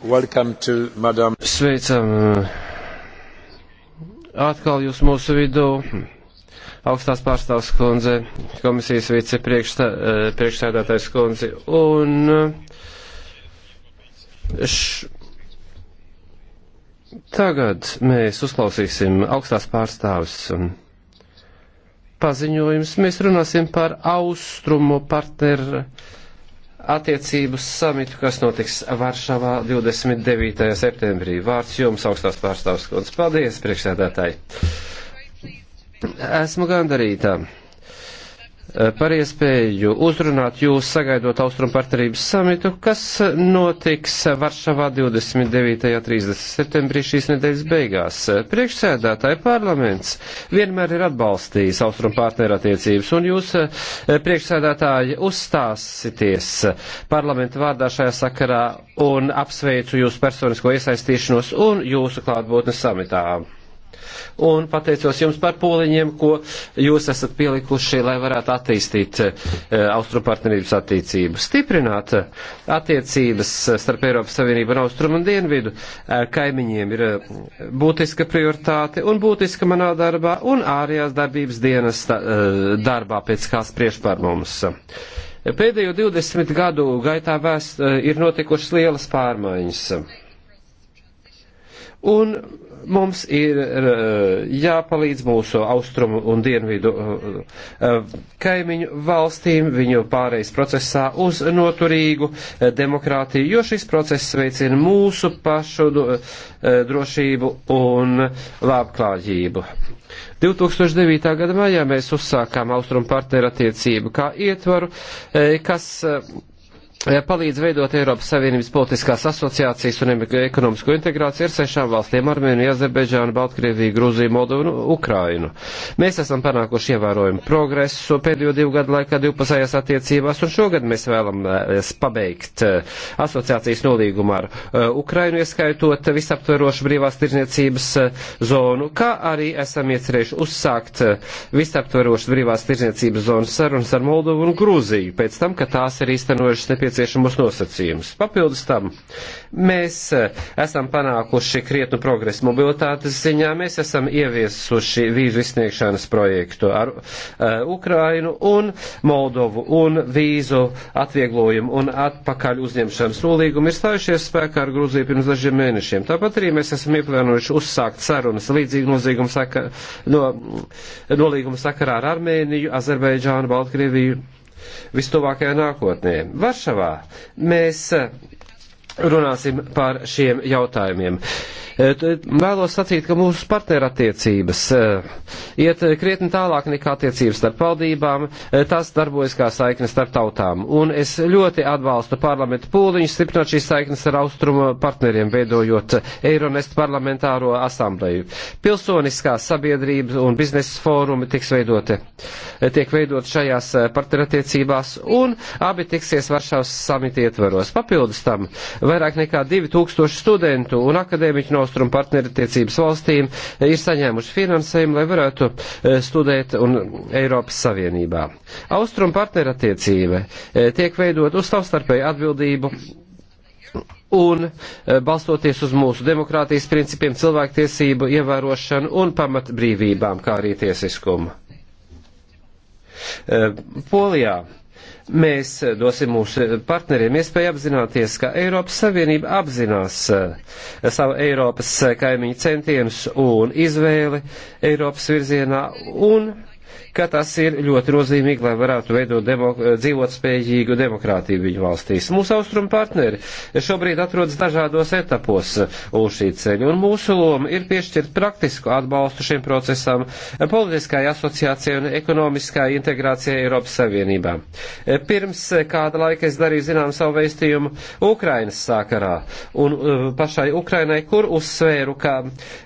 To, madam. Sveicam eh, atkal jūs mūsu vidū, augstās pārstāvs kundze, komisijas vicepriekšsēdētājs eh, kundze, un eh, š... tagad mēs uzklausīsim augstās pārstāvs um, paziņojums. Mēs runāsim par austrumu partneru attiecību samitu, kas notiks Varšavā 29. septembrī. Vārds jums, augstās pārstāvs kundze. Paldies, priekšsēdētāji. Esmu gandarītā. Eh, par iespēju uzrunāt jūs sagaidot Austrumpartnerības samitu, kas eh, notiks Varšavā 29. un 30. septembrī šīs nedēļas beigās. Eh, priekšsēdētāji parlaments vienmēr ir atbalstījis Austrumpartneru attiecības, un jūs, priekšsēdētāji, uzstāsities parlamentu vārdā šajā sakarā, un apsveicu jūs personisko iesaistīšanos un jūsu klātbūtni samitā un pateicos jums par pūliņiem, ko jūs esat pielikuši, lai varētu attīstīt eh, austrumu partnerības eh, attiecības, stiprināt eh, attiecības starp Eiropas Savienību un austrumu un dienvidu. Kaimiņiem ir būtiska prioritāte un būtiska manā darbā un ārējās darbības dienas darbā, pēc kā spriež par mums. Pēdējo 20 gadu gaitā vēst, ir notikušas lielas pārmaiņas. Un Mums ir eh, jāpalīdz mūsu austrumu un dienvidu eh, eh, kaimiņu valstīm viņu pārejas procesā uz noturīgu demokrātiju, jo šis process veicina mūsu pašu drošību un labklājību. 2009. gada maijā mēs uzsākām austrumu partnerattiecību kā ietvaru, kas palīdz veidot Eiropas Savienības politiskās asociācijas un ekonomisko integrāciju ar sešām valstīm - Armēniju, Azerbeidžānu, Baltkrieviju, Grūziju, Moldovu un Ukrainu. Mēs esam panākuši ievērojumu progresu pēdējo divu gadu laikā divpusējās attiecībās, un šogad mēs vēlamies pabeigt eh, asociācijas nolīgumu ar eh, Ukrainu, ieskaitot visaptverošu brīvās tirzniecības eh, zonu, kā arī esam iecerējuši uzsākt visaptverošu brīvās tirzniecības zonas sarunas ar Moldovu un Grūziju, pēc tam, ka tās ir īstenojušas nepieciešams nepieciešamos nosacījumus. Papildus tam mēs eh, esam panākuši krietnu progresu mobilitātes ziņā, mēs esam ieviesuši vīzu izsniegšanas projektu ar uh, Ukrainu un Moldovu un vīzu atvieglojumu un atpakaļ uzņemšanas nolīgumu ir stājušies spēkā ar Grūziju pirms dažiem mēnešiem. Tāpat arī mēs esam ieplānojuši uzsākt sarunas līdzīgi nozīgumu saka, no, nolīgumu sakarā ar Armēniju, Azerbaidžānu, Baltkrieviju vistuvākajā nākotnē. Varšavā mēs runāsim par šiem jautājumiem. Uh, Vēlos sacīt, ka mūsu partnerattiecības iet krietni tālāk nekā attiecības starp valdībām, tas darbojas kā saikne starp tautām. Un es ļoti atbalstu parlamentu pūliņus stiprināt šīs saiknes ar austrumu partneriem, veidojot Eironest parlamentāro asambleju. Pilsoniskā sabiedrība un biznesa fórumi tiks veidoti, tiek veidot šajās partnerattiecībās, un abi tiksies Varšavas samita ietveros. Papildus tam vairāk nekā 2000 studentu un akadēmiķu no austrumu partnerattiecības valstīm e, ir saņēmuši finansējumu, lai varētu e, studēt un Eiropas Savienībā. Austrumu partnerattiecība e, tiek veidot uz savstarpēju atbildību un balstoties uz mūsu demokrātijas principiem, cilvēktiesību ievērošanu un pamatbrīvībām, kā arī tiesiskumu. Polijā Mēs eh, dosim mūsu partneriem iespēju apzināties, ka Eiropas Savienība apzinās eh, savu Eiropas eh, kaimiņu centienus un izvēli Eiropas virzienā un ka tas ir ļoti nozīmīgi, lai varētu veidot demok dzīvotspējīgu demokrātiju viņu valstīs. Mūsu austrumu partneri šobrīd atrodas dažādos etapos uz šī ceļa, un mūsu loma ir piešķirt praktisku atbalstu šim procesam, politiskai asociācijai un ekonomiskai integrācijai Eiropas Savienībā. Pirms kāda laika es darīju zinām savu veistījumu Ukrainas sākarā un e, pašai Ukrainai, kur uzsvēru, ka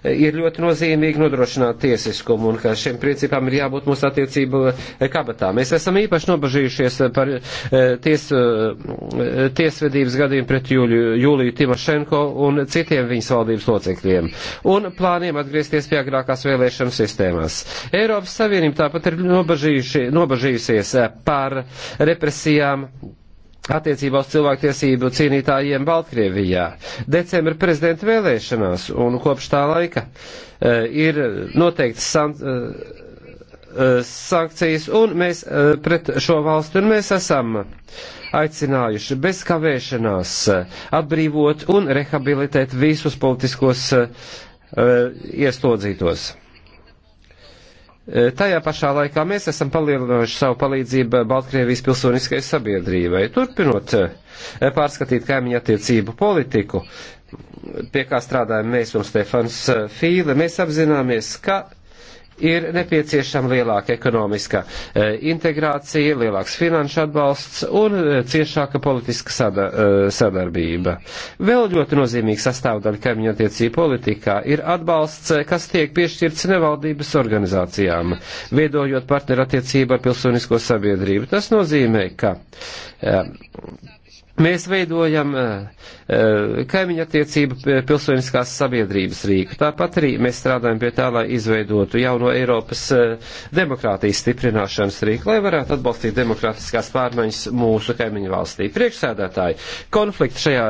ir ļoti nozīmīgi nodrošināt tiesiskumu un ka šim principam ir jābūt mūsu attiecību eh, kabatā. Mēs esam īpaši nobažījušies eh, par eh, ties, tiesvedības gadījumu pret Jūliju, Jūliju Timošenko un citiem viņas valdības locekļiem un plāniem atgriezties pie agrākās vēlēšanu sistēmās. Eiropas Savienība tāpat ir nobažījusies par represijām attiecībā uz cilvēktiesību cīnītājiem Baltkrievijā. Decembra prezidenta vēlēšanās un kopš tā laika uh, ir noteikts san, uh, Eh, sankcijas un mēs eh, pret šo valsti un mēs esam aicinājuši bez kavēšanās eh, atbrīvot un rehabilitēt visus politiskos ieslodzītos. Tajā pašā laikā mēs esam palielinājuši savu palīdzību Baltkrievijas pilsoniskai sabiedrībai, turpinot pārskatīt kaimiņu attiecību politiku, pie kā strādājam mēs un Stefans Fīle. Mēs apzināmies, ka ir nepieciešama lielāka ekonomiskā eh, integrācija, lielāks finanšu atbalsts un eh, ciešāka politiska sada, eh, sadarbība. Vēl ļoti nozīmīga sastāvdaļa kaimiņu attiecību politikā ir atbalsts, kas tiek piešķirts nevaldības organizācijām, veidojot partnerattiecību ar pilsonisko sabiedrību. Tas nozīmē, ka Mēs veidojam eh, eh, kaimiņu attiecību eh, pilsoniskās sabiedrības rīku. Tāpat arī mēs strādājam pie tā, lai izveidotu jauno Eiropas demokrātijas stiprināšanas rīku, lai varētu atbalstīt demokrātiskās pārmaiņas mūsu kaimiņu valstī. Priekšsēdētāji, konflikti šajā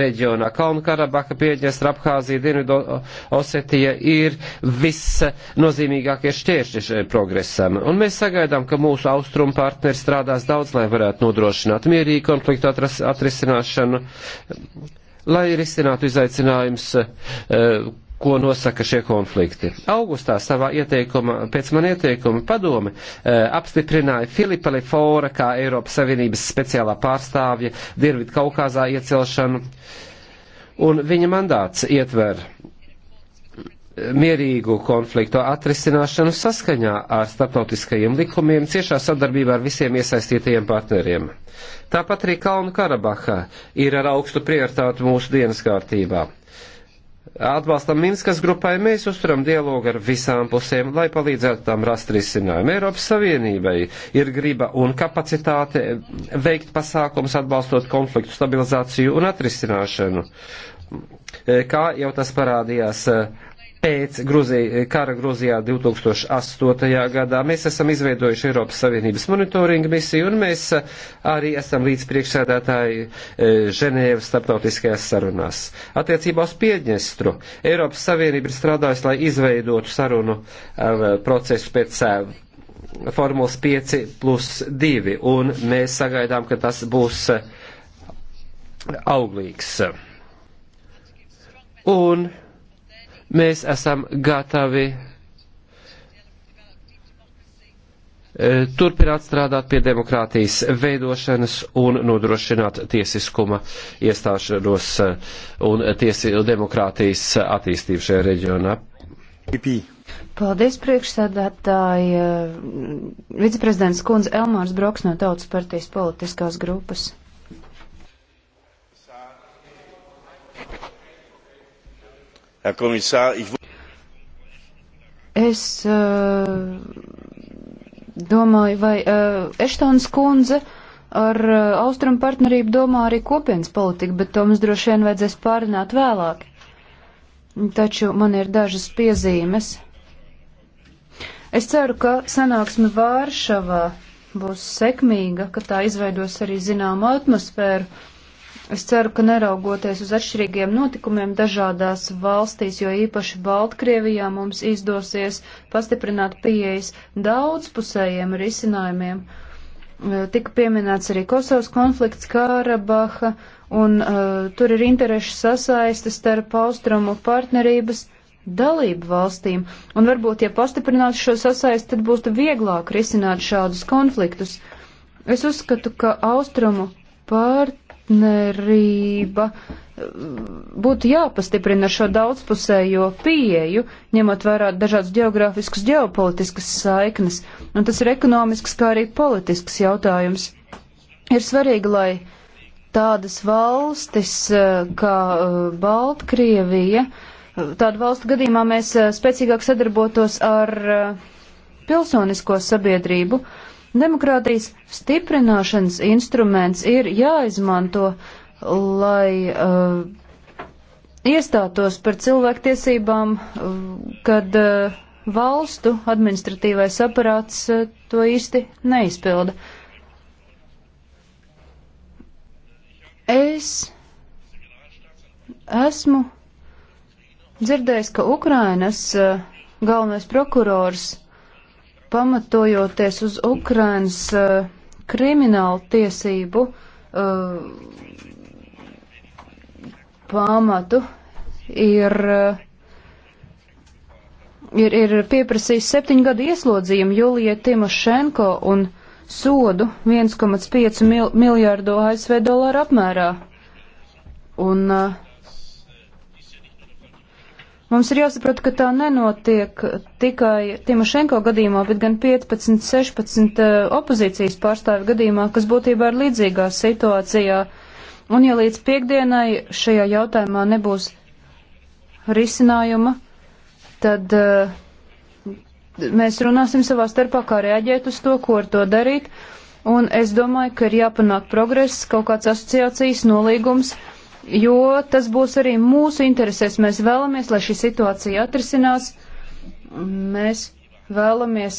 reģionā Kalnu-Karabaka, Piedņestra, Abhāzija, Dienvidu Osetija ir visnozīmīgākie šķēršļi progresam. Un mēs sagaidām, ka mūsu austrumu partneri strādās daudz, lai varētu nodrošināt mierīgu konfliktu atrast problēmas atrisināšanu, lai risinātu izaicinājums, eh, ko nosaka šie konflikti. Augustā savā ieteikuma, pēc man ieteikuma padome eh, apstiprināja Filipa Lefora kā Eiropas Savienības speciālā pārstāvja Dirvid Kaukāzā iecelšanu, un viņa mandāts ietver mierīgu konfliktu atrisināšanu saskaņā ar starptautiskajiem likumiem, ciešā sadarbībā ar visiem iesaistītajiem partneriem. Tāpat arī Kalnu Karabahā ir ar augstu prioritātu mūsu dienas kārtībā. Atbalstam Minskas grupai, mēs uzturam dialogu ar visām pusēm, lai palīdzētu tām rast risinājumu. Eiropas Savienībai ir griba un kapacitāte veikt pasākums atbalstot konfliktu stabilizāciju un atrisināšanu kā jau tas parādījās pēc Gruzija, kara Gruzijā 2008. gadā. Mēs esam izveidojuši Eiropas Savienības monitoringa misiju un mēs eh, arī esam līdz priekšsēdētāji eh, Ženēvas starptautiskajās sarunās. Attiecībā uz Piedņestru Eiropas Savienība ir strādājusi, lai izveidotu sarunu eh, procesu pēc sev. Formulas 5 plus 2, un mēs sagaidām, ka tas būs auglīgs. Un Mēs esam gatavi e, turpināt strādāt pie demokrātijas veidošanas un nodrošināt tiesiskuma iestāšanos e, un tiesi, demokrātijas attīstību šajā reģionā. Paldies, priekšsēdētāji. E, viceprezidents Kundze Elmārs Broks no Tautas partijas politiskās grupas. Herr Kommissar, ich Es uh, domāju, vai uh, Eštons kundze ar uh, austrumu partnerību domā arī kopienas politiku, bet to mums droši vien vajadzēs pārināt vēlāk. Taču man ir dažas piezīmes. Es ceru, ka sanāksme Vāršavā būs sekmīga, ka tā izveidos arī zināmu atmosfēru, Es ceru, ka neraugoties uz atšķirīgiem notikumiem dažādās valstīs, jo īpaši Baltkrievijā mums izdosies pastiprināt pieejas daudzpusējiem risinājumiem. E, Tika pieminēts arī Kosovas konflikts, Kārabaha, un uh, tur ir interešu sasaiste starp austrumu partnerības dalību valstīm. Un varbūt, ja pastiprinātu šo sasaisti, tad būtu vieglāk risināt šādus konfliktus. Es uzskatu, ka austrumu partnerības partnerība būtu jāpastiprina šo daudzpusējo pieeju, ņemot vērā dažādas geogrāfiskas, ģeopolitiskas saiknes, un tas ir ekonomisks kā arī politisks jautājums. Ir svarīgi, lai tādas valstis eh, kā eh, Baltkrievija, eh, tādu valstu gadījumā mēs spēcīgāk sadarbotos ar pilsonisko sabiedrību, uh, Demokrātijas stiprināšanas instruments ir jāizmanto, lai uh, iestātos par cilvēktiesībām, uh, kad uh, valstu administratīvais aparāts uh, to īsti neizpilda. Es esmu dzirdējis, ka Ukrainas uh, galvenais prokurors pamatojoties uz Ukrainas uh, kriminālu tiesību uh, pamatu, ir, uh, ir, ir pieprasījis septiņu gadu ieslodzījumu Julijai Timošenko un sodu 1,5 mil miljārdu ASV dolāru apmērā. Un uh, Mums ir jāsaprot, ka tā nenotiek tikai Timošenko gadījumā, bet gan 15, 16 eh, opozīcijas pārstāvi gadījumā, kas būtībā ir līdzīgā situācijā. Un ja līdz piekdienai šajā jautājumā nebūs risinājuma, tad uh, mēs runāsim savā starpā, kā reaģēt uz to, ko ar to darīt. Un es domāju, ka ir jāpanāk progress, kaut kāds asociācijas nolīgums. Uh, jo tas būs arī mūsu interesēs. Mēs vēlamies, lai šī situācija atrisinās. Mēs vēlamies,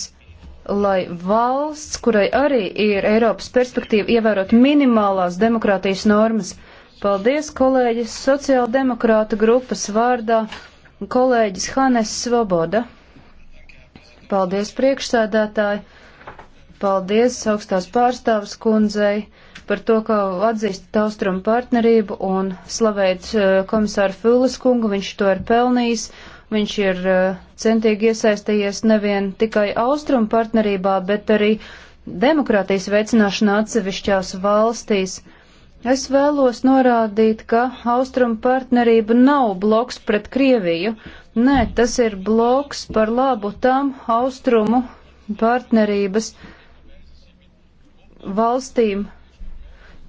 lai valsts, kurai arī ir Eiropas perspektīva, ievērot minimālās demokrātijas normas. Paldies, kolēģis, sociāldemokrāta grupas vārdā, kolēģis Hanes Svoboda. Paldies, priekšsēdētāji! Paldies augstās pārstāvas kundzei par to, ka atzīst austrumu partnerību un slavēt eh, komisāru Fūles kungu, viņš to ir pelnījis. Viņš ir eh, centīgi iesaistījies nevien tikai austrumu partnerībā, bet arī demokrātijas veicināšanā atsevišķās valstīs. Es vēlos norādīt, ka austrumu partnerība nav bloks pret Krieviju. Nē, tas ir bloks par labu tam austrumu partnerības valstīm,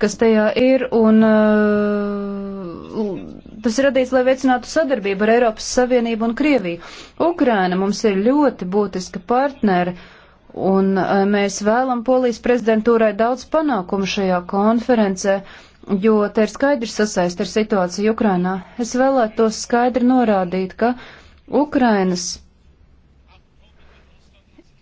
kas tajā ir, un uh, tas ir radīts, lai veicinātu sadarbību ar Eiropas Savienību un Krieviju. Ukraina mums ir ļoti būtiska partneri, un uh, mēs vēlam Polijas prezidentūrai daudz panākumu šajā konferencē, jo te ir skaidri sasaist ar situāciju Ukrainā. Es vēlētos skaidri norādīt, ka Ukrainas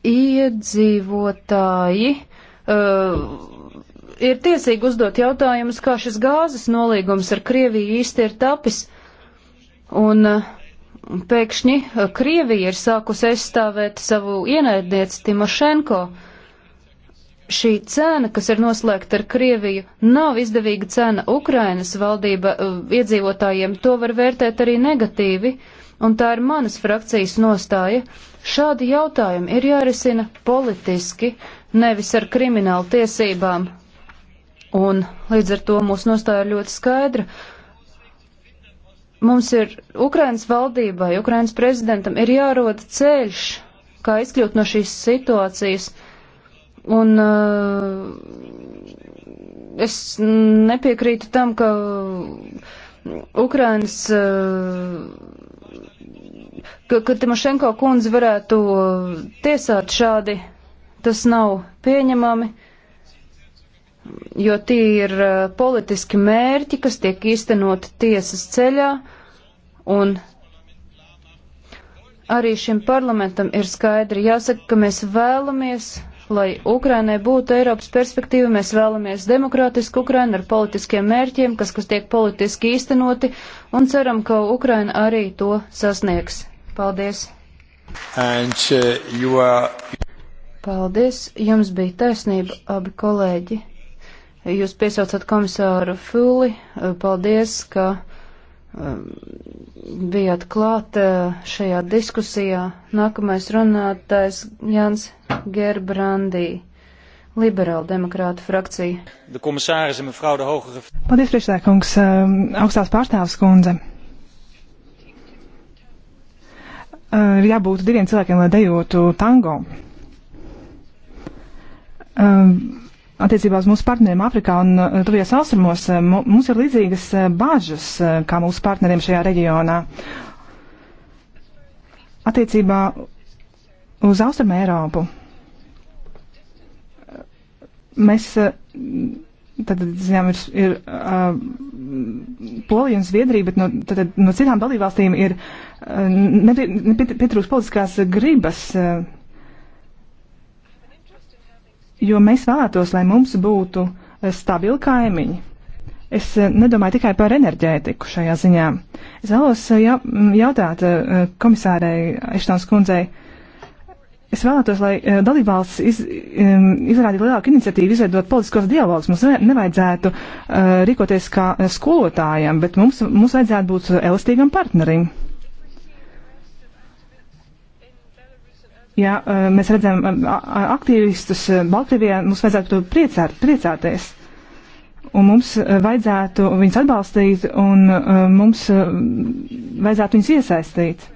iedzīvotāji, uh, uh, ir tiesīgi uzdot jautājumus, kā šis gāzes nolīgums ar Krieviju īsti ir tapis. Un uh, pēkšņi uh, Krievija ir sākus aizstāvēt savu ienaidnieci Timošenko. Šī cena, kas ir noslēgta ar Krieviju, nav izdevīga cena Ukrainas valdība uh, iedzīvotājiem. To var vērtēt arī negatīvi, un tā ir manas frakcijas nostāja. Uh, Šādi jautājumi ir jārisina politiski, nevis ar kriminālu tiesībām. Un līdz ar to mūsu nostāja ir ļoti skaidra. Mums ir Ukrainas valdībai, Ukrainas prezidentam ir jāroda ceļš, kā izkļūt no šīs situācijas. Un uh, es nepiekrītu tam, ka Ukrainas uh, ka, ka Timošenko kundze varētu tiesāt šādi. Tas nav pieņemami, jo tie ir eh, politiski mērķi, kas tiek īstenoti tiesas ceļā, un arī šim parlamentam ir skaidri jāsaka, ka mēs vēlamies, lai Ukrainai būtu Eiropas perspektīva, mēs vēlamies demokrātisku Ukrainu ar politiskiem mērķiem, kas, kas tiek politiski īstenoti, un ceram, ka Ukraina arī to sasniegs. Paldies! And, uh, are... Paldies! Jums bija taisnība, abi kolēģi. Jūs piesaucat komisāru Fuli. Uh, paldies, ka um, bijāt klāt uh, šajā diskusijā. Nākamais runātājs Jans Gerbrandī. Liberāla demokrāta frakcija. Paldies, priekšsēkungs, um, augstās pārstāvs kundze. Eh, ir jābūt diviem cilvēkiem, lai dejotu tango. Eh, attiecībā uz mūsu partneriem Āfrikā un eh, Tuvijos austrumos mums ir līdzīgas bāžas kā mūsu partneriem šajā reģionā. Attiecībā uz Austrum Eiropu mēs Tad, zinām, ir, ir uh, Polija un Zviedrija, bet no, tad, no citām dalībvalstīm ir uh, nepietrūks politiskās gribas, uh, jo mēs vēlētos, lai mums būtu stabili kaimiņi. Es uh, nedomāju tikai par enerģētiku šajā ziņā. Es vēlos uh, jautāt uh, komisārai Eštons kundzei, uh, Es vēlētos, lai uh, dalībvalsts iz, um, izrādītu lielāku iniciatīvu, izveidot politiskos dialogus. Mums nevajadzētu uh, rīkoties kā eh, skolotājiem, bet mums, mums vajadzētu būt elastīgam partnerim. Ja uh, mēs redzam aktīvistus Baltkrievijā, mums vajadzētu priecāt, priecāties. Un mums vajadzētu viņus atbalstīt un mums vajadzētu viņus iesaistīt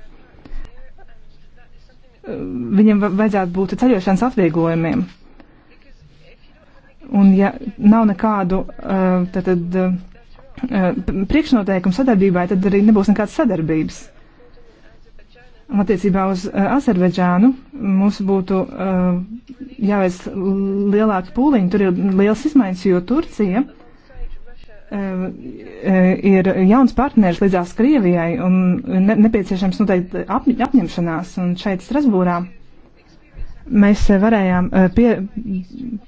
viņiem vajadzētu būt ceļošanas atvieglojumiem. Un ja nav nekādu eh, tad, tad, eh, priekšnoteikumu sadarbībai, tad arī nebūs nekādas sadarbības. Un attiecībā uz eh, Azerbaidžānu mums būtu jāveic lielāka pūliņa, tur ir liels izmaiņas, jo Turcija E, ir jauns partneris līdzās Krievijai un ne, nepieciešams noteikti ap, apņemšanās. Un šeit Strasbūrā mēs varējām e, pie,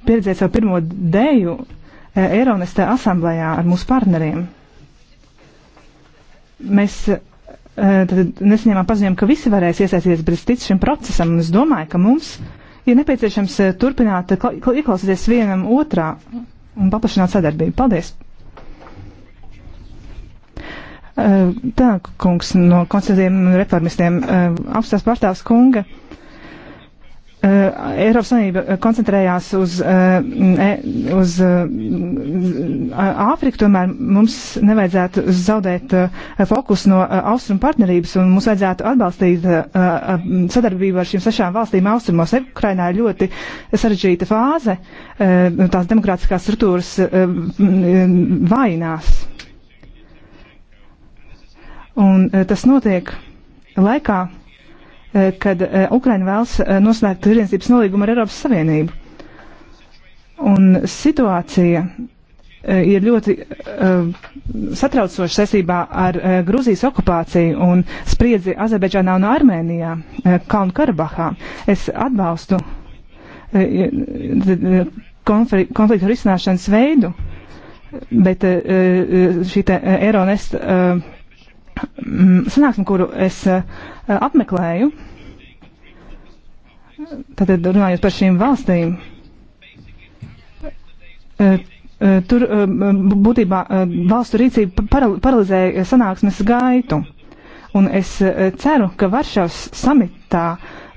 pieredzēt savu pirmo dēju e, Eironesta asamblējā ar mūsu partneriem. Mēs tad nesaņēmām paziņojumu, ka visi varēs iesaistīties brīvstīts šim procesam, un es domāju, ka mums ir nepieciešams turpināt ieklausīties vienam otrā un paplašināt sadarbību. Paldies! Eh, Tanaka kungs no konservatīviem reformistiem eh, apstās pārstāvs kunga. Eh, Eiropas Savienība koncentrējās uz, e, uz Āfriku, tomēr mums nevajadzētu zaudēt fokusu no austrumu partnerības un mums vajadzētu atbalstīt sadarbību ar šīm sešām valstīm austrumos. Ukrainā ir ļoti sarežģīta fāze, tās demokrātiskās struktūras vainās. Un e, tas notiek laikā, e, kad e, Ukraina vēlas noslēgt tirdzniecības nolīgumu ar Eiropas Savienību. Un situācija ir ļoti uh, satraucoši saistībā ar uh, Grūzijas okupāciju un spriedzi Azerbaidžānā un Armēnijā, uh, Kalnu Karabahā. Es atbalstu uh, konflikt, konfliktu risināšanas veidu, bet uh, šī te Eironest uh, Mm, sanāksmi, kuru es eh, apmeklēju, tātad runājot par šīm valstīm, eh, eh, tur būtībā valstu rīcība paralizēja sanāksmes gaitu. Un es ceru, ka Varšavas samitā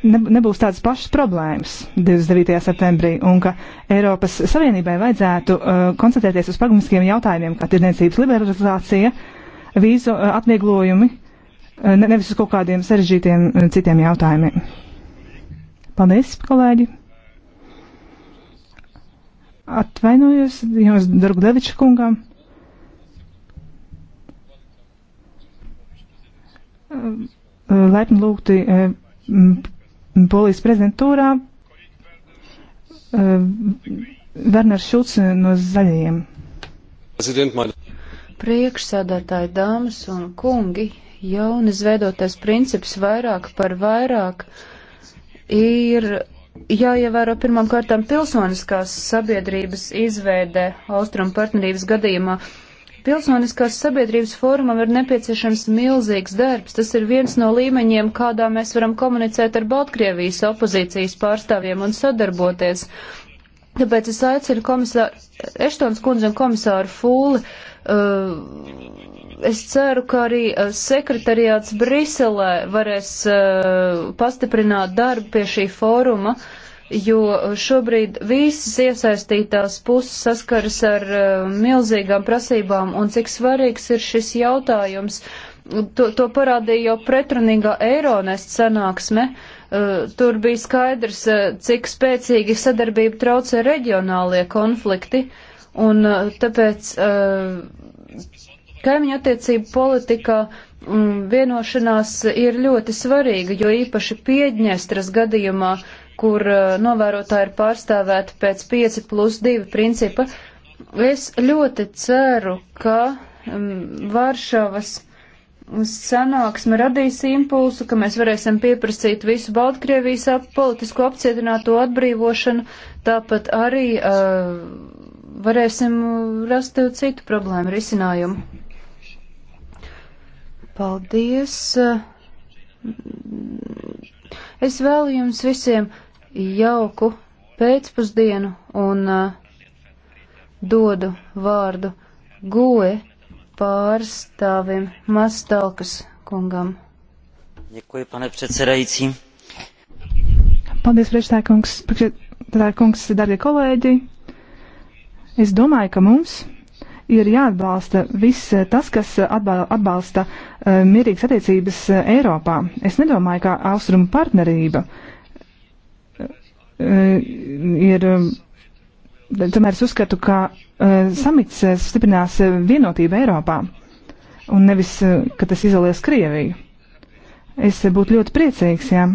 nebūs tādas pašas problēmas 29. septembrī un ka Eiropas Savienībai vajadzētu koncentrēties uz pragmatiskiem jautājumiem, kā tirdzniecības liberalizācija, uh, vīzu eh, atvieglojumi, eh, ne, nevis uz kaut kādiem sarežģītiem eh, citiem jautājumiem. Paldies, kolēģi! Atvainojos jums, Dargleviča kungam. Laipni lūgti polijas prezidentūrā Werners Šulc no Zaļajiem. Prezident, man priekšsēdētāji, dāmas un kungi, jaunizveidotais princips vairāk par vairāk ir jāievēro pirmām kārtām pilsoniskās sabiedrības izveidē Austrum partnerības gadījumā. Pilsoniskās sabiedrības fórumam ir nepieciešams milzīgs darbs. Tas ir viens no līmeņiem, kādā mēs varam komunicēt ar Baltkrievijas opozīcijas pārstāvjiem un sadarboties. Tāpēc es aicinu komisāru Eštons kundzi un komisāru Fūli uh, Eh, es ceru, ka arī eh, sekretariāts Briselē varēs eh, pastiprināt darbu pie šī fóruma, jo šobrīd visas iesaistītās puses saskaras ar milzīgām prasībām un cik svarīgs ir šis jautājums. To, to parādīja jau pretrunīgā Eironest sanāksme. Tur bija skaidrs, cik spēcīgi sadarbība traucē reģionālie konflikti. Uh, Un uh, tāpēc uh, kaimiņu attiecību politikā um, vienošanās ir ļoti svarīga, jo īpaši Piedņestras gadījumā, kur uh, novērotāji ir pārstāvēti pēc 5 plus 2 principa, es ļoti ceru, ka um, Varšavas sanāksme radīs impulsu, ka mēs varēsim pieprasīt visu Baltkrievijas ap politisko apcietināto atbrīvošanu, tāpat arī uh, varēsim rast citu problēmu risinājumu. Paldies! Es vēlu jums visiem jauku pēcpusdienu un uh, dodu vārdu goe pārstāvim Mastalkas kungam. Děkuji, pane předsedající. Paldies, priekšstākungs, priekšstākungs, darbie kolēģi. Es domāju, ka mums ir jāatbalsta viss eh, tas, kas eh, atbalsta eh, mierīgas attiecības Eiropā. Es nedomāju, ka austrumu partnerība ir. Tomēr es uzskatu, ka samits stiprinās vienotību Eiropā un nevis, ka tas izolies Krieviju. Es būtu ļoti priecīgs, ja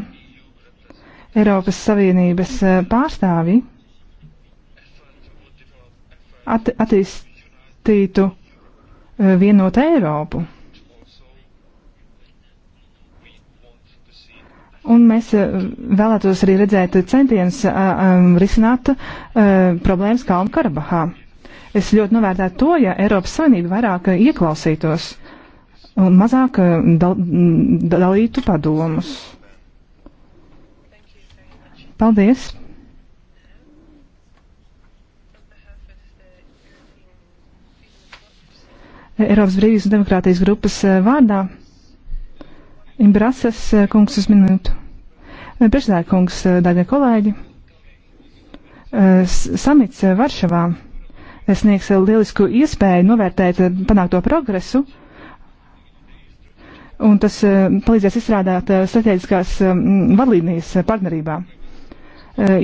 Eiropas Savienības pārstāvji at attīstītu eh, vienotu Eiropu. Un mēs eh, vēlētos arī redzēt centienus eh, um, risināt problēmas Kalnu Karabahā. Es ļoti novērtētu to, ja Eiropas Savienība vairāk ieklausītos un mazāk dal dalītu padomus. Paldies! Eiropas Brīvības un Demokrātijas grupas eh, vārdā. Imbrasas eh, kungs uz minūtu. Eh, priekšsēdētāj kungs, dārgie kolēģi. Samits Varšavā sniegs lielisku iespēju novērtēt panākto progresu. Un tas palīdzēs izstrādāt strateģiskās vadlīnijas partnerībā.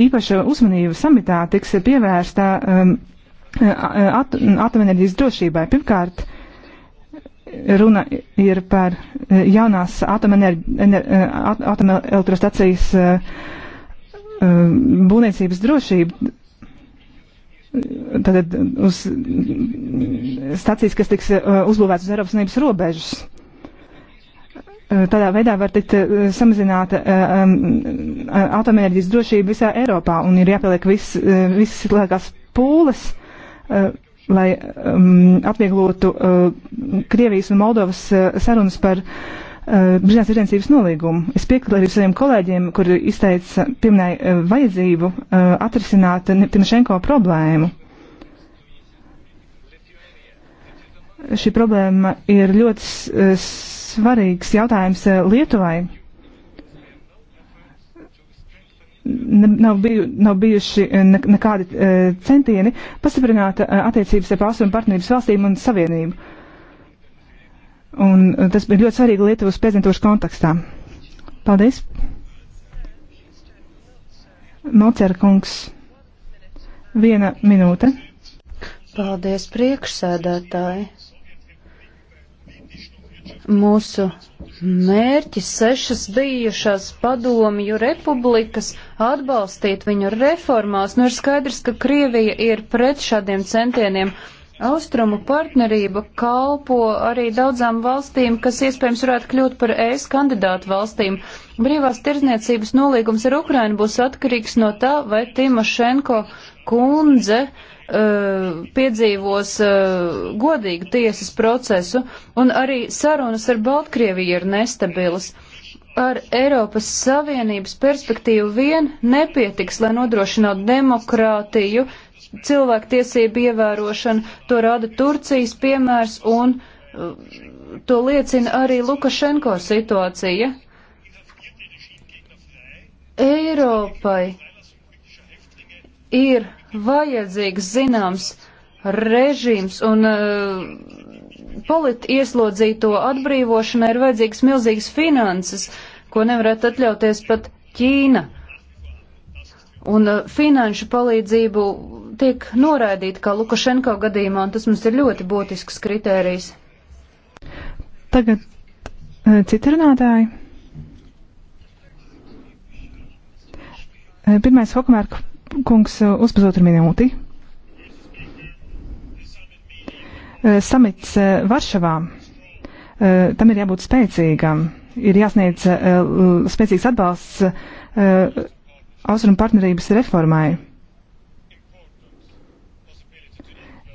Īpaša uzmanība samitā tiks pievērsta atomenerģijas drošībai. Pirmkārt, uh, Runa ir par eh, jaunās eh, atomelektrostacijas eh, būvniecības drošību. Tātad uz stacijas, kas tiks uzbūvētas uz Eiropas Unības robežas. Tādā veidā var tikt samazināta atomenerģijas drošība visā Eiropā un ir jāpieliek viss, visas lielākās pūles lai um, atvieglotu uh, Krievijas un Moldovas uh, sarunas par uh, brīvās tirdzniecības nolīgumu. Es piekrītu arī saviem kolēģiem, kuri izteica, pieminēja uh, vajadzību uh, atrisināt Timošenko problēmu. Šī problēma ir ļoti svarīgs jautājums uh, Lietuvai ne, nav, biju, nav bijuši eh, ne, nekādi e, centieni pastiprināt e, attiecības ar pārsvaru partnerības valstīm un savienību. Un tas bija ļoti svarīgi Lietuvas prezentošu kontekstā. Paldies! Mocera kungs, viena minūte. Paldies priekšsēdētāji. Mūsu mērķis sešas bijušās padomju republikas atbalstīt viņu reformās. Nu ir skaidrs, ka Krievija ir pret šādiem centieniem. Austrumu partnerība kalpo arī daudzām valstīm, kas iespējams varētu kļūt par ES kandidātu valstīm. Brīvās tirzniecības nolīgums ar Ukrainu būs atkarīgs no tā, vai Timošenko kundze uh, Eh, piedzīvos eh, godīgu tiesas procesu, un arī sarunas ar Baltkrieviju ir nestabilas. Ar Eiropas Savienības perspektīvu vien nepietiks, lai nodrošinātu demokrātiju, cilvēktiesību ievērošanu, to rada Turcijas piemērs un eh, to liecina arī Lukašenko situācija. Eiropai ir vajadzīgs zināms režīms un uh, eh, politi ieslodzīto atbrīvošanai ir vajadzīgs milzīgs finanses, ko nevarētu atļauties pat Ķīna. Un uh, finanšu palīdzību tiek noraidīta kā Lukašenko gadījumā, un tas mums ir ļoti būtisks kritērijs. Tagad uh, citi runātāji. Pirmais Hokmārka kungs, eh, uz pusotru minūti. Eh, samits eh, Varšavā. Tam ir jābūt spēcīgam. Ir jāsniedz spēcīgs atbalsts austrumu partnerības reformai.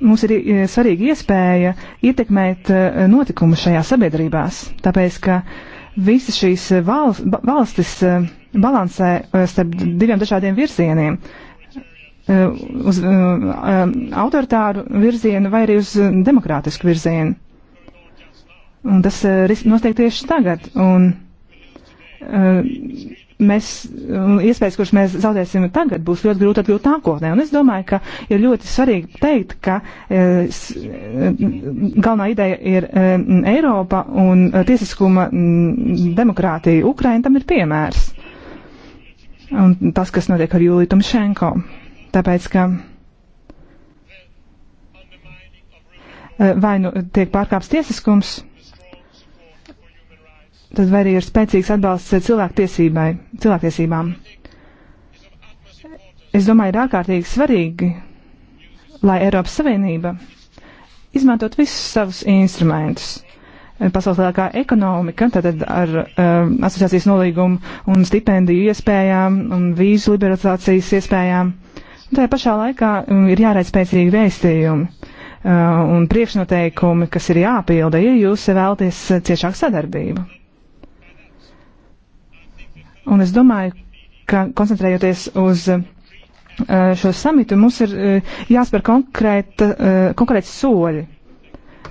mums ir svarīga iespēja ietekmēt notikumu šajā sabiedrībās, tāpēc ka visas šīs valstis balansē starp diviem dažādiem virzieniem. Eh, uz eh, eh, autoritāru virzienu vai arī uz demokrātisku virzienu. Un tas notiek tieši tagad. Un, mēs, iespējas, kuras mēs zaudēsim tagad, būs ļoti grūti atgūt nākotnē. Un es domāju, ka ir ļoti svarīgi teikt, ka es, galvenā ideja ir Eiropa un tiesiskuma mm, demokrātija. Ukraina tam ir piemērs. Un tas, kas notiek ar Jūliju Tomšenko tāpēc ka eh, vai nu tiek pārkāpts tiesiskums, tad vai arī ir spēcīgs atbalsts eh, cilvēktiesībai, cilvēktiesībām. Es domāju, ir ārkārtīgi svarīgi, lai Eiropas Savienība izmantot visus savus instrumentus. Eh, pasaules lielākā ekonomika, tātad ar um, asociācijas nolīgumu un stipendiju iespējām un vīzu liberalizācijas iespējām. Tā pašā laikā um, ir jāredz spēcīgi vēstījumi uh, un priekšnoteikumi, kas ir jāpilda, ja jūs vēlaties ciešāku sadarbību. Un es domāju, ka koncentrējoties uz uh, šo samitu, mums ir uh, jāspēr konkrēta, konkrēti soļi.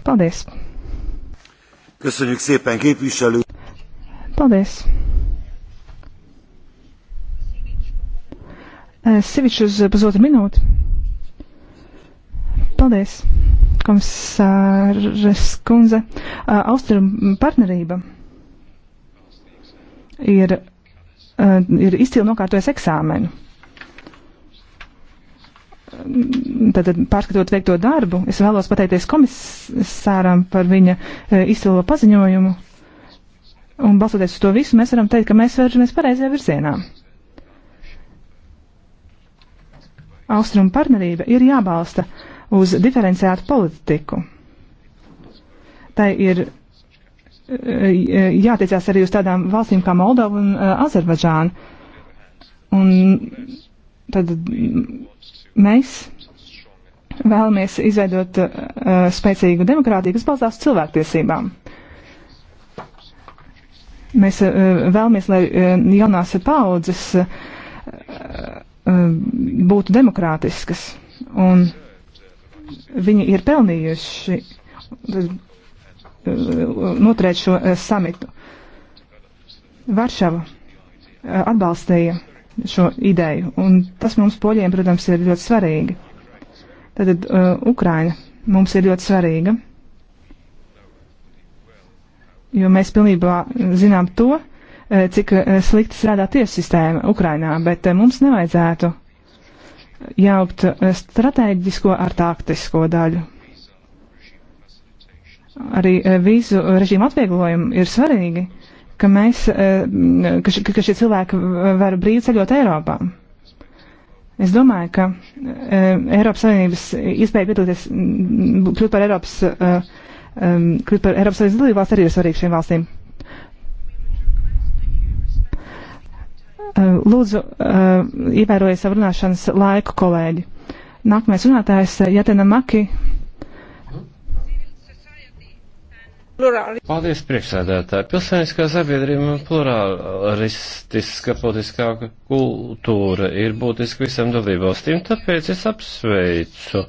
Paldies! Köszönjük szépen, képviselő! Paldies! Eh, sevišķi uz pusotru minūti. Paldies, komisāres kundze. Eh, Austrumu partnerība ir, eh, ir izcili nokārtojas eksāmenu. Tātad, pārskatot veikto darbu, es vēlos pateikties komisāram par viņa izcilo paziņojumu. Un balstoties uz to visu, mēs varam teikt, ka mēs vēršamies pareizajā virzienā. Austrumu partnerība ir jābalsta uz diferenciētu politiku. Tai ir e, e, jātiecās arī uz tādām valstīm kā Moldova un e, Azerbaidžāna. Un tad mēs vēlamies izveidot uh, spēcīgu demokrātiju, kas balstās cilvēktiesībām. Mēs uh, vēlamies, lai uh, jaunās paudzes uh, Um, būtu demokrātiskas. Un viņi ir pelnījuši uh, noturēt šo uh, samitu. Varšava uh, atbalstīja šo ideju, un tas mums poļiem, protams, ir ļoti svarīgi. Tātad uh, Ukraina mums ir ļoti svarīga, jo mēs pilnībā zinām to, uh, Eh, cik eh, slikti strādā tiesu sistēma Ukrainā, bet eh, mums nevajadzētu jaukt strateģisko ar taktisko daļu. Arī vīzu režīmu atvieglojumi ir svarīgi, ka, mēs, ka, ši, ka šie cilvēki var brīvi ceļot Eiropā. Es domāju, ka Eiropas Savienības iespēja piedalīties, kļūt par Eiropas, kļūt par Eiropas Savienības dalībvalsts arī ir svarīga šīm valstīm. Eh, lūdzu, eh, ievērojiet savu runāšanas laiku, kolēģi. Nākamais runātājs eh, Jatena Maki. Paldies, priekšsēdētāji. Pilsēniskā sabiedrība un pluralistiska politiskā kultūra ir būtiski visam dalībvalstīm, tāpēc es apsveicu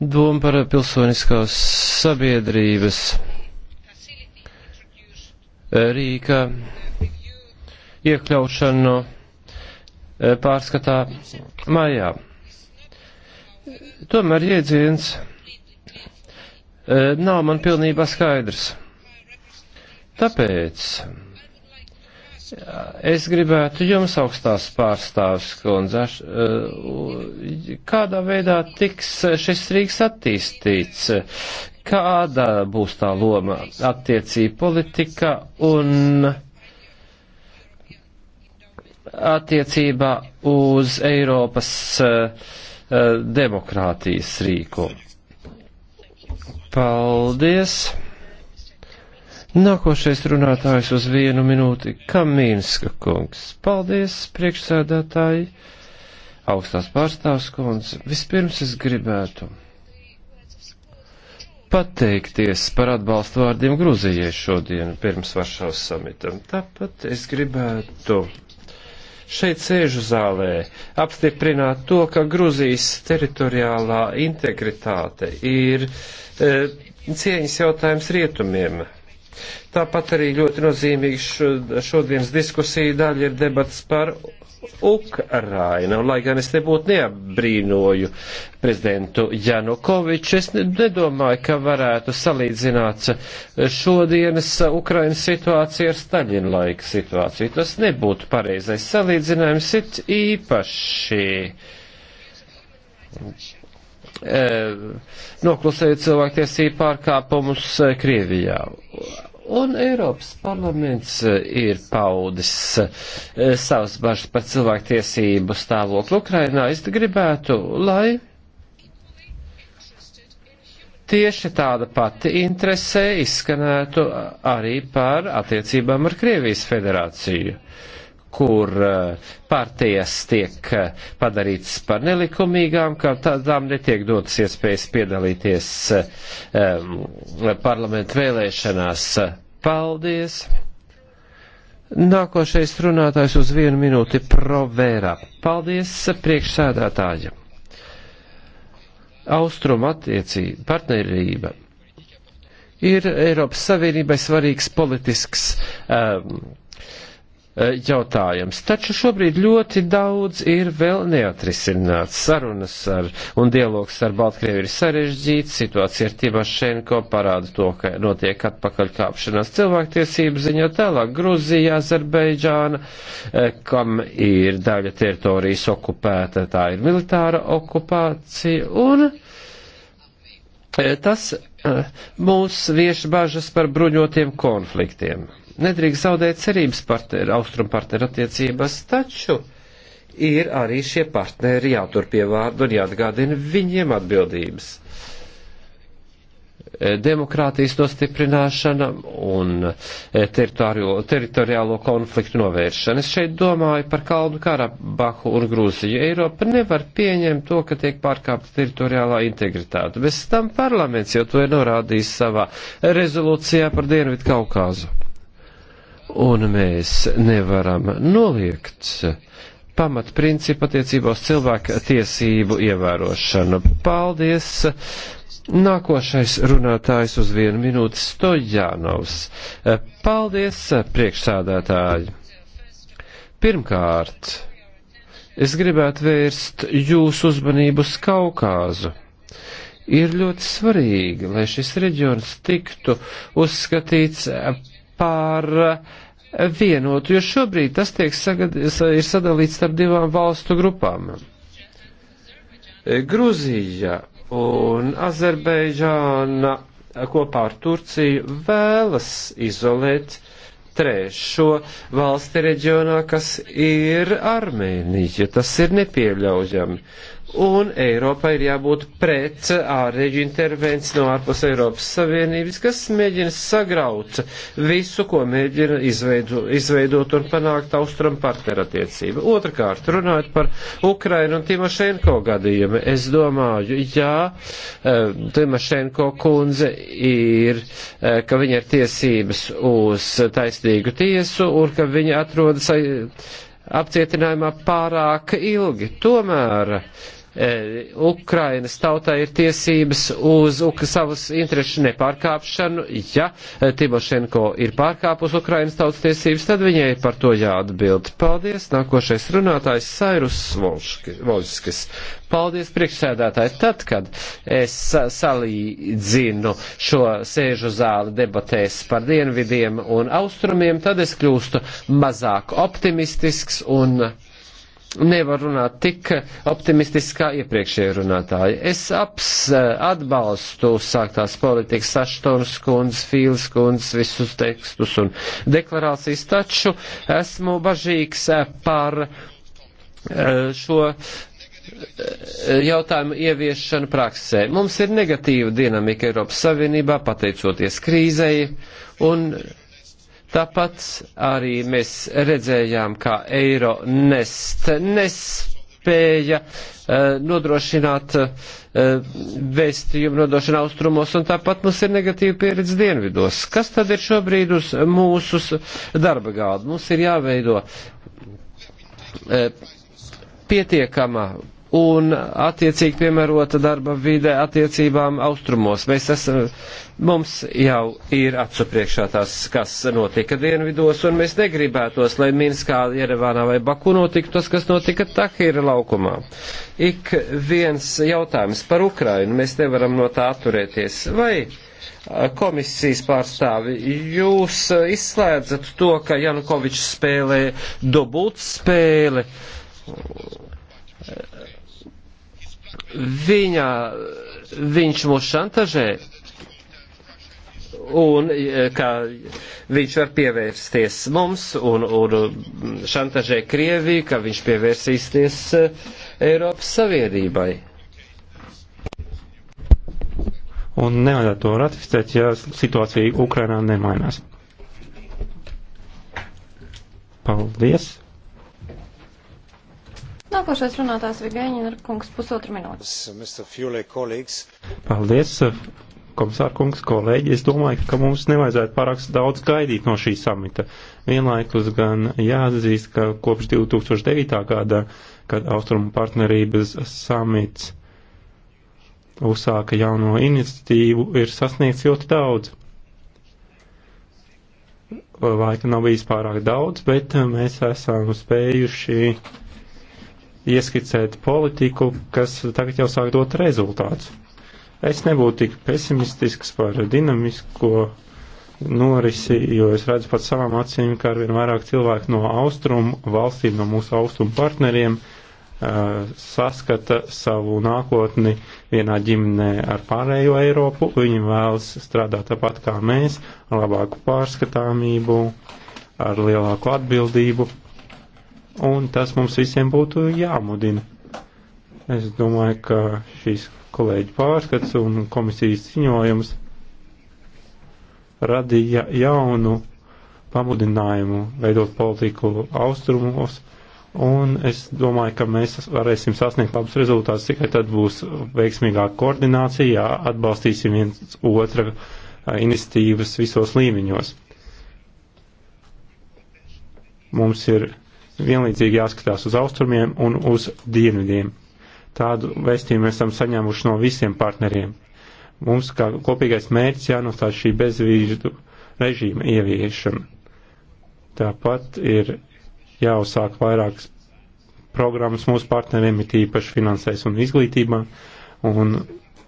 domu par pilsoniskās sabiedrības rīka iekļaušanu e, pārskatā maijā. Tomēr jēdziens e, nav man pilnībā skaidrs. Tāpēc e, es gribētu jums augstās pārstāvis, kundze, kādā veidā tiks šis Rīgas attīstīts, kāda būs tā loma attiecība politika un attiecībā uz Eiropas uh, uh, demokrātijas rīku. Paldies! Nākošais runātājs uz vienu minūti - Kamīnska kungs. Paldies, priekšsēdētāji, augstās pārstāvs kundze. Vispirms es gribētu pateikties par atbalstu vārdiem Gruzijai šodien pirms Varšavas samitam. Tāpat es gribētu šeit sēžu zālē, apstiprināt to, ka Gruzijas teritoriālā integritāte ir e, cieņas jautājums rietumiem. Tāpat arī ļoti nozīmīgs šodienas diskusija daļa ir debats par Ukraina. Un, lai gan es nebūtu neapbrīnoju prezidentu Janukoviču, es nedomāju, ka varētu salīdzināt šodienas Ukrainas situāciju ar Staļina laika situāciju. Tas nebūtu pareizais salīdzinājums, it īpaši. E, noklusēju cilvēktiesību pārkāpumus Krievijā. Un Eiropas parlaments eh, ir paudis eh, savas bažas par cilvēktiesību stāvokli Ukrainā. Es gribētu, lai tieši tāda pati interesē izskanētu arī par attiecībām ar Krievijas federāciju. Uh, kur eh, partijas tiek eh, padarītas par nelikumīgām, ka tādām netiek dotas iespējas piedalīties um, parlamentu vēlēšanās. Paldies! Nākošais runātājs uz vienu minūti provērā. Paldies priekšsēdētāja. Austrum attiecība, partnerība ir Eiropas Savienībai svarīgs politisks um, Eh, jautājums. Taču šobrīd ļoti daudz ir vēl neatrisināts. Sarunas ar, un dialogs ar Baltkrievi ir sarežģīts, situācija ar Timošenko parāda to, ka notiek atpakaļ kāpšanās cilvēktiesību ziņā tālāk Gruzijā, Azerbaidžāna, eh, kam ir daļa teritorijas okupēta, tā ir militāra okupācija un eh, tas mūs vieš bažas par bruņotiem konfliktiem nedrīkst zaudēt cerības partneri, austrumu partneru attiecības, taču ir arī šie partneri jātur pie vārdu un jāatgādina viņiem atbildības. Demokrātijas nostiprināšana un e, teritoriālo konfliktu novēršana. Es šeit domāju par Kalnu Karabahu un Grūziju. Eiropa nevar pieņemt to, ka tiek pārkāpta teritoriālā integritāte. Bez tam parlaments jau to ir norādījis savā rezolūcijā par Dienvidu Kaukāzu un mēs nevaram noliegt pamatprincipu attiecībā uz cilvēku tiesību ievērošanu. Paldies! Nākošais runātājs uz vienu minūti Stojānovs. Paldies, priekšsādātāji! Pirmkārt, es gribētu vērst jūsu uzmanību uz Kaukāzu. Ir ļoti svarīgi, lai šis reģions tiktu uzskatīts par eh, vienotu, jo šobrīd tas tiek sagad, ir sadalīts starp divām valstu grupām. Eh, Gruzija un Azerbeidžāna eh, kopā ar Turciju vēlas izolēt trešo valsti reģionā, kas ir Armēnija. Tas ir nepieļaujami. Un Eiropai ir jābūt pret ārēģu intervenciju no ārpus Eiropas Savienības, kas mēģina sagraut visu, ko mēģina izveidu, izveidot un panākt austram partnerattiecību. Otrakārt, runājot par Ukrainu un Timošenko gadījumu, es domāju, jā, eh, Timošenko kundze ir, eh, ka viņa ir tiesības uz taisnīgu tiesu un ka viņa atrodas eh, apcietinājumā pārāk ilgi. Tomēr E, Ukrainas tautai ir tiesības uz savas interešu nepārkāpšanu. Ja e, Timošenko ir pārkāpus Ukrainas tautas tiesības, tad viņai ir par to jāatbild. Paldies, nākošais runātājs Sairus Volskis. Paldies, priekšsēdētāji. Tad, kad es salīdzinu šo sēžu zāli debatēs par dienvidiem un austrumiem, tad es kļūstu mazāk optimistisks un nevar runāt tik optimistiski kā iepriekšējie runātāji. Es aps, eh, atbalstu sāktās politikas Aštons kundz, Fīls kundz, visus tekstus un deklarācijas, taču esmu bažīgs eh, par eh, šo jautājumu ieviešanu praksē. Mums ir negatīva dinamika Eiropas Savienībā, pateicoties krīzei, un Tāpat arī mēs redzējām, kā eiro nest, nespēja eh, nodrošināt eh, vēstījumu nodošanu austrumos, un tāpat mums ir negatīva pieredze dienvidos. Kas tad ir šobrīd uz mūsu darba galda? Mums ir jāveido eh, pietiekama un attiecīgi piemērota darba vide attiecībām austrumos. Mēs esam, mums jau ir acu priekšā tās, kas notika dienvidos, un mēs negribētos, lai Minskā, Jerevānā vai Baku notiktu tas, kas notika Tahīra laukumā. Ik viens jautājums par Ukrainu, mēs nevaram no tā atturēties. Vai komisijas pārstāvi, jūs izslēdzat to, ka Janukovičs spēlē dubult spēli? viņa, viņš mūs šantažē un e, ka viņš var pievērsties mums un, un šantažē Krieviju, ka viņš pievērsīsties e, Eiropas Savienībai. Un nevajadzētu to ratificēt, ja situācija Ukrainā nemainās. Paldies! Nākošais runātājs Vigēņina ir kungs pusotru minūtes. Paldies, eh, komisār kungs, kolēģi. Es domāju, ka mums nevajadzētu pārāk daudz gaidīt no šī samita. Vienlaikus gan jāatzīst, ka kopš 2009. gada, kad Austrumu partnerības samits uzsāka jauno iniciatīvu, ir sasniegts ļoti daudz laika nav bijis pārāk daudz, bet eh, mēs esam spējuši ieskicēt politiku, kas tagad jau sāk dot rezultātus. Es nebūtu tik pesimistisks par dinamisko norisi, jo es redzu pat savām acīm, ka arvien vairāk cilvēku no austrumu valstīm, no mūsu austrumu partneriem saskata savu nākotni vienā ģimenē ar pārējo Eiropu. Viņi vēlas strādāt tāpat kā mēs, ar labāku pārskatāmību, ar lielāku atbildību un tas mums visiem būtu jāmudina. Es domāju, ka šīs kolēģi pārskats un komisijas ziņojums radīja jaunu pamudinājumu veidot politiku austrumos, un es domāju, ka mēs varēsim sasniegt labus rezultātus tikai tad būs veiksmīgāka koordinācija, ja atbalstīsim viens otra iniciatīvas visos līmeņos. Mums ir vienlīdzīgi jāskatās uz austrumiem un uz dienvidiem. Tādu vēstījumu mēs esam saņēmuši no visiem partneriem. Mums kā kopīgais mērķis jānostāv šī bezvīžu režīma ieviešana. Tāpat ir jāuzsāk vairākas programmas mūsu partneriem, ir tīpaši finansēs un izglītībā, un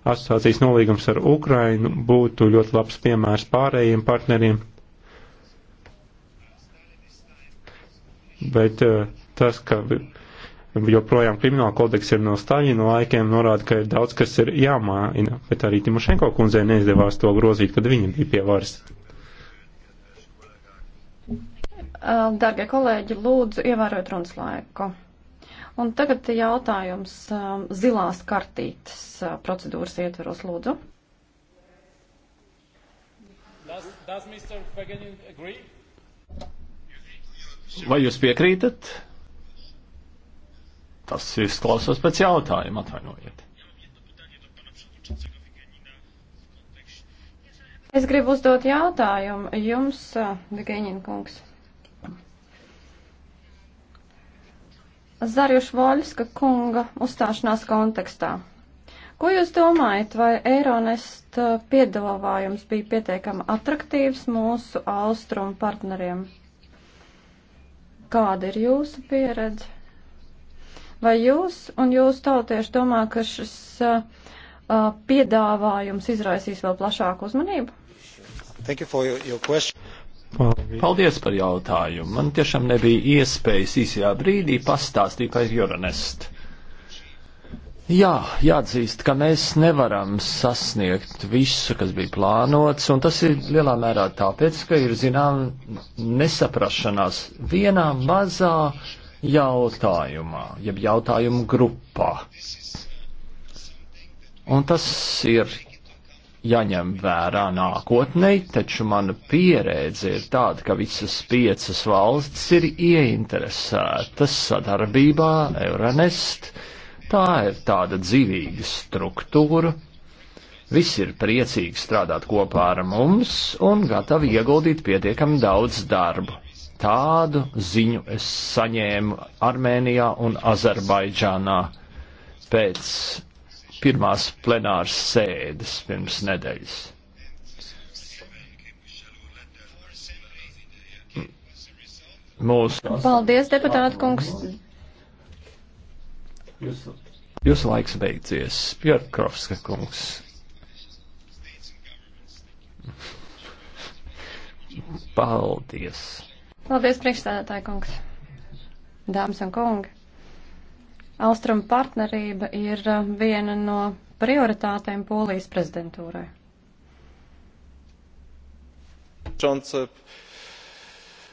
asociācijas nolīgums ar Ukrainu būtu ļoti labs piemērs pārējiem partneriem bet eh, tas, ka joprojām krimināla kodeks ir no Staļina laikiem, norāda, ka ir daudz, kas ir jāmāina, bet arī Timošenko kundzē neizdevās to grozīt, kad viņa bija pie varas. Eh, Dargie kolēģi, lūdzu, ievērojiet runas laiku. Un tagad jautājums eh, zilās kartītes procedūras ietveros, lūdzu. Does, does Mr. Fagenin agree? Vai jūs piekrītat? Tas izklausās pēc jautājuma, atvainojiet. Es gribu uzdot jautājumu jums, Degeņina eh, kungs. Zarjuša Voļska kunga uzstāšanās kontekstā. Ko jūs domājat, vai Eironest eh, piedāvājums bija pietiekami atraktīvs mūsu austrumu partneriem? Kāda ir jūsu pieredze? Vai jūs un jūs tautieši domā, ka šis uh, uh, piedāvājums izraisīs vēl plašāku uzmanību? Thank you for your, your question. Paldies. Paldies par jautājumu. Man tiešām nebija iespējas īsajā brīdī pastāstīt par Joranestu. Jā, jāatzīst, ka mēs nevaram sasniegt visu, kas bija plānots, un tas ir lielā mērā tāpēc, ka ir zinām nesaprašanās vienā mazā jautājumā, jeb jautājumu grupā. Un tas ir jaņem vērā nākotnē, taču mana pieredze ir tāda, ka visas piecas valstis ir ieinteresētas sadarbībā Euronest. Uh, Tā ir tāda dzīvīga struktūra. Visi ir priecīgi strādāt kopā ar mums un gatavi ieguldīt pietiekami daudz darbu. Tādu ziņu es saņēmu Armēnijā un Azerbaidžānā pēc pirmās plenāras sēdes pirms nedēļas. Mūsu. Paldies, deputāta kungs. Jūs Jūsu laiks beidzies. Bjorkovska kungs. Paldies. Paldies, priekšstādātāja kungs. Dāmas un kungi. Austrum partnerība ir uh, viena no prioritātēm Polijas prezidentūrai.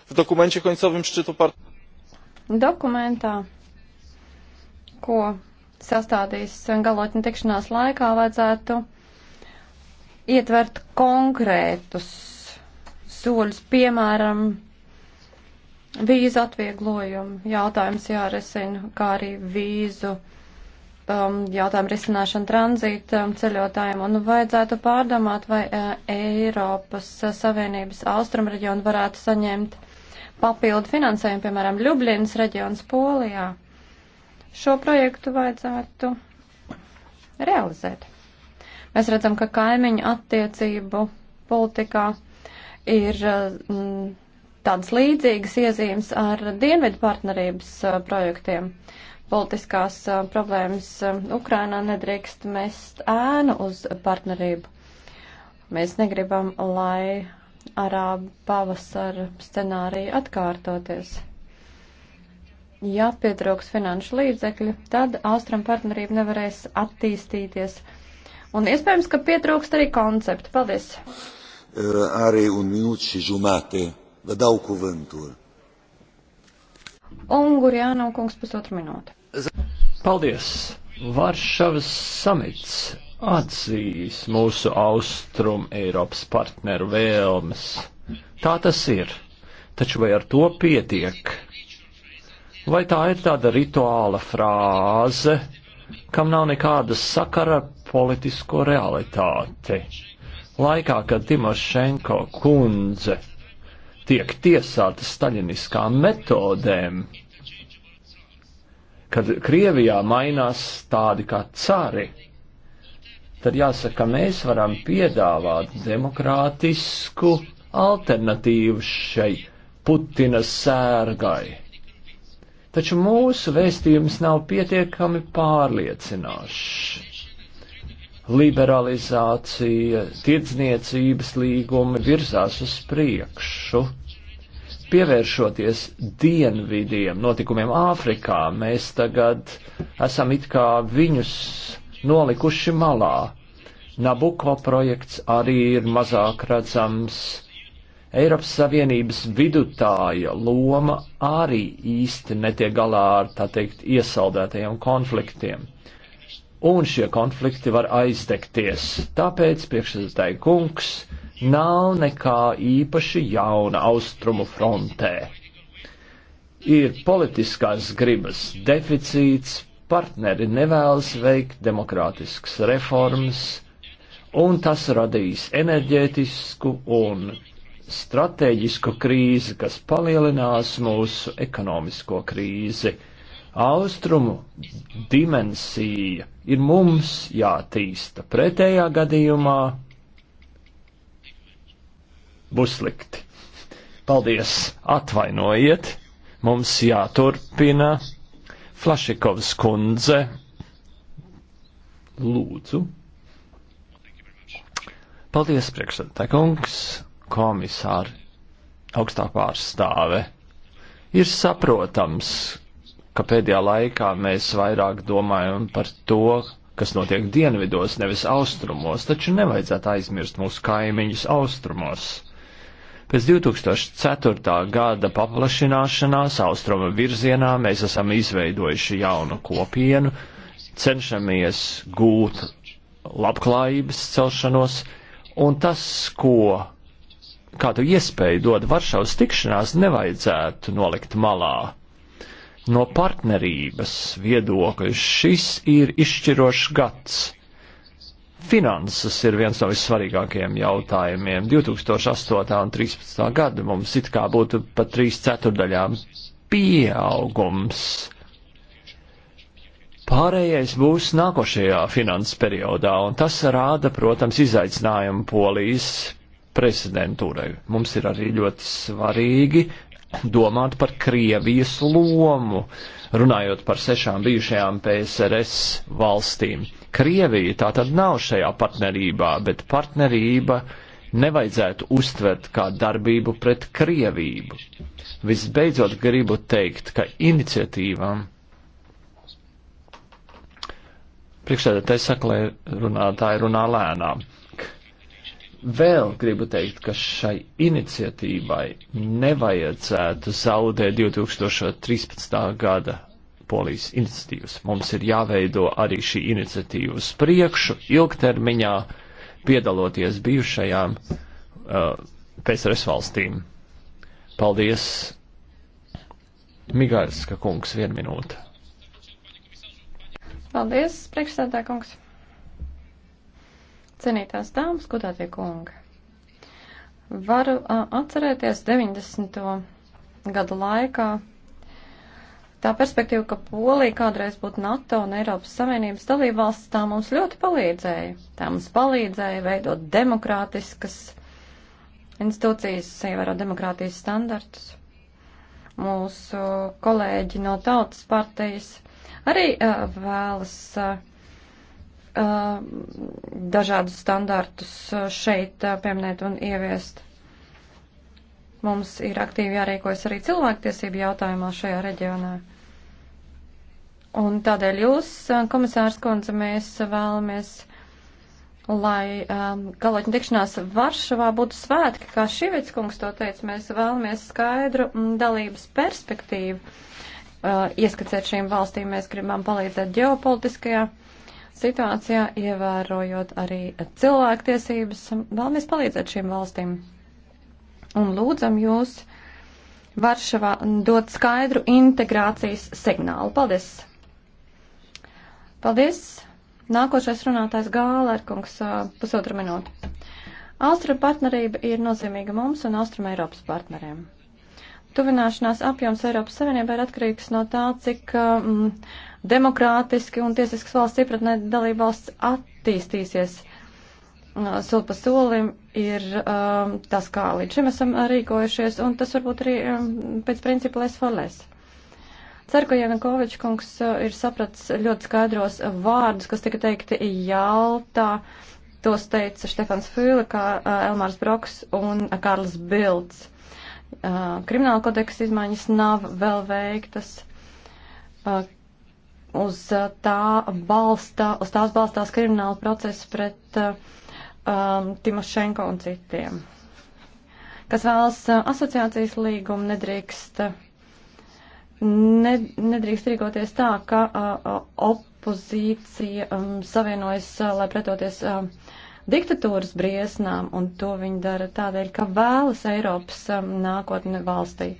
W dokumencie końcowym szczytu Dokumentā, ko sastādīs galotņu tikšanās laikā, vajadzētu ietvert konkrētus soļus, piemēram, vīzu atvieglojumu jautājums jārisina, kā arī vīzu um, jautājumu risināšanu tranzīta um, ceļotājiem. Un vajadzētu pārdomāt, vai uh, Eiropas uh, Savienības austrumreģionu varētu saņemt papildu finansējumu, piemēram, Ļublinas reģions Polijā šo projektu vajadzētu realizēt. Mēs redzam, ka kaimiņu attiecību politikā ir mm, tādas līdzīgas iezīmes ar dienvidu partnerības eh, projektiem. Politiskās eh, problēmas eh, Ukrainā nedrīkst mest ēnu uz partnerību. Mēs negribam, lai arābu pavasara scenārija atkārtoties ja pietrūks finanšu līdzekļu, tad Austram partnerība nevarēs attīstīties. Un iespējams, ka pietrūkst arī konceptu. Paldies! Eh, arī un minūtes žumāte, vă dau cuvântul. Ungurjāno kungs pusotru minūti. Paldies! Varšavas samits atzīs mūsu austrum Eiropas partneru vēlmes. Tā tas ir. Taču vai ar to pietiek? Vai tā ir tāda rituāla frāze, kam nav nekāda sakara ar politisko realitāti? Laikā, kad Timošenko kundze tiek tiesāta staļiniskām metodēm, kad Krievijā mainās tādi kā cari, tad jāsaka, mēs varam piedāvāt demokrātisku alternatīvu šai Putina sērgai taču mūsu vēstījums nav pietiekami pārliecinošs. Liberalizācija, tirdzniecības līgumi virzās uz priekšu. Pievēršoties dienvidiem notikumiem Āfrikā, mēs tagad esam it kā viņus nolikuši malā. Nabuko projekts arī ir mazāk redzams Eiropas Savienības vidutāja loma arī īsti netiek galā ar, tā teikt, iesaldētajiem konfliktiem. Un šie konflikti var aiztekties. Tāpēc priekšsēdētāji kungs nav nekā īpaši jauna austrumu frontē. Ir politiskās gribas deficīts, partneri nevēlas veikt demokrātiskas reformas, un tas radīs enerģētisku un stratēģisku krīzi, kas palielinās mūsu ekonomisko krīzi. Austrumu dimensija ir mums jātīsta. Pretējā gadījumā būs slikti. Paldies, atvainojiet, mums jāturpina. Flašikovs kundze, lūdzu. Paldies, priekšsēdētāj kungs komisāri, augstā pārstāve, ir saprotams, ka pēdējā laikā mēs vairāk domājam par to, kas notiek dienvidos, nevis austrumos, taču nevajadzētu aizmirst mūsu kaimiņus austrumos. Pēc 2004. gada paplašināšanās austruma virzienā mēs esam izveidojuši jaunu kopienu, cenšamies gūt labklājības celšanos, un tas, ko kādu iespēju dod Varšavas tikšanās, nevajadzētu nolikt malā. No partnerības viedokļa šis ir izšķirošs gads. Finanses ir viens no vissvarīgākajiem jautājumiem. 2008. un 2013. gada mums it kā būtu pa trīs ceturdaļām pieaugums. Pārējais būs nākošajā finanses periodā, un tas rāda, protams, izaicinājumu polijas prezidentūrai. Mums ir arī ļoti svarīgi domāt par Krievijas lomu, runājot par sešām bijušajām PSRS valstīm. Krievija tā tad nav šajā partnerībā, bet partnerība nevajadzētu uztvert kā darbību pret Krievību. Visbeidzot, gribu teikt, ka iniciatīvām priekšsēdētājs saka, lai runātāji runā lēnām. Vēl gribu teikt, ka šai iniciatīvai nevajadzētu zaudēt 2013. gada polijas iniciatīvas. Mums ir jāveido arī šī iniciatīva uz priekšu, ilgtermiņā, piedaloties bijušajām uh, PSRS valstīm. Paldies, Migārska kungs, vienu minūtu. Paldies, priekšstādā kungs. Cenītās dāmas, godātie kungi, varu uh, atcerēties 90. gadu laikā tā perspektīva, ka Polija kādreiz būtu NATO un Eiropas Savienības dalībvalsts, tā mums ļoti palīdzēja. Tā mums palīdzēja veidot demokrātiskas institūcijas, ievērot demokrātijas standartus. Mūsu kolēģi no tautas partijas arī uh, vēlas. Uh, Uh, dažādus standartus uh, šeit uh, pieminēt un ieviest. Mums ir aktīvi jārīkojas arī cilvēktiesību jautājumā šajā reģionā. Un tādēļ jūs, komisārs Konze, mēs vēlamies, lai um, galotņu tikšanās Varšavā būtu svētki, kā Šivits kungs to teica, mēs vēlamies skaidru mm, dalības perspektīvu. Uh, ieskacēt šīm valstīm mēs gribam palīdzēt ģeopolitiskajā uh, situācijā, ievērojot arī cilvēktiesības, vēlamies palīdzēt šīm valstīm. Un lūdzam jūs Varšavā dot skaidru integrācijas signālu. Paldies! Paldies! Nākošais runātājs Gālērkungs pusotra minūte. Austrum partnerība ir nozīmīga mums un Austrum Eiropas partneriem. Tuvināšanās apjoms Eiropas Savienībā ir atkarīgs no tā, cik um, demokrātiski un tiesisks valsts iepratnē dalībvalsts attīstīsies. Uh, soli pa solim ir um, tas, kā līdz šim esam rīkojušies, un tas varbūt arī um, pēc principa lēs falēs. Ceru, ka Janukovičs kungs uh, ir sapratis ļoti skaidros vārdus, kas tika teikti Jaltā. Tos teica Štefans Fīle, kā uh, Elmārs Broks un Karls Bilds. Krimināla kodeksa izmaiņas nav vēl veiktas uz, uh, tā balsta, uz tās balstās krimināla procesa pret uh, um, Timošenko un citiem. Kas vēlas uh, asociācijas līgumu, nedrīkst, ne, nedrīkst rīkoties tā, ka uh, opozīcija um, savienojas, uh, lai pretoties uh, diktatūras briesnām, un to viņi dara tādēļ, ka vēlas Eiropas um, nākotni valstī.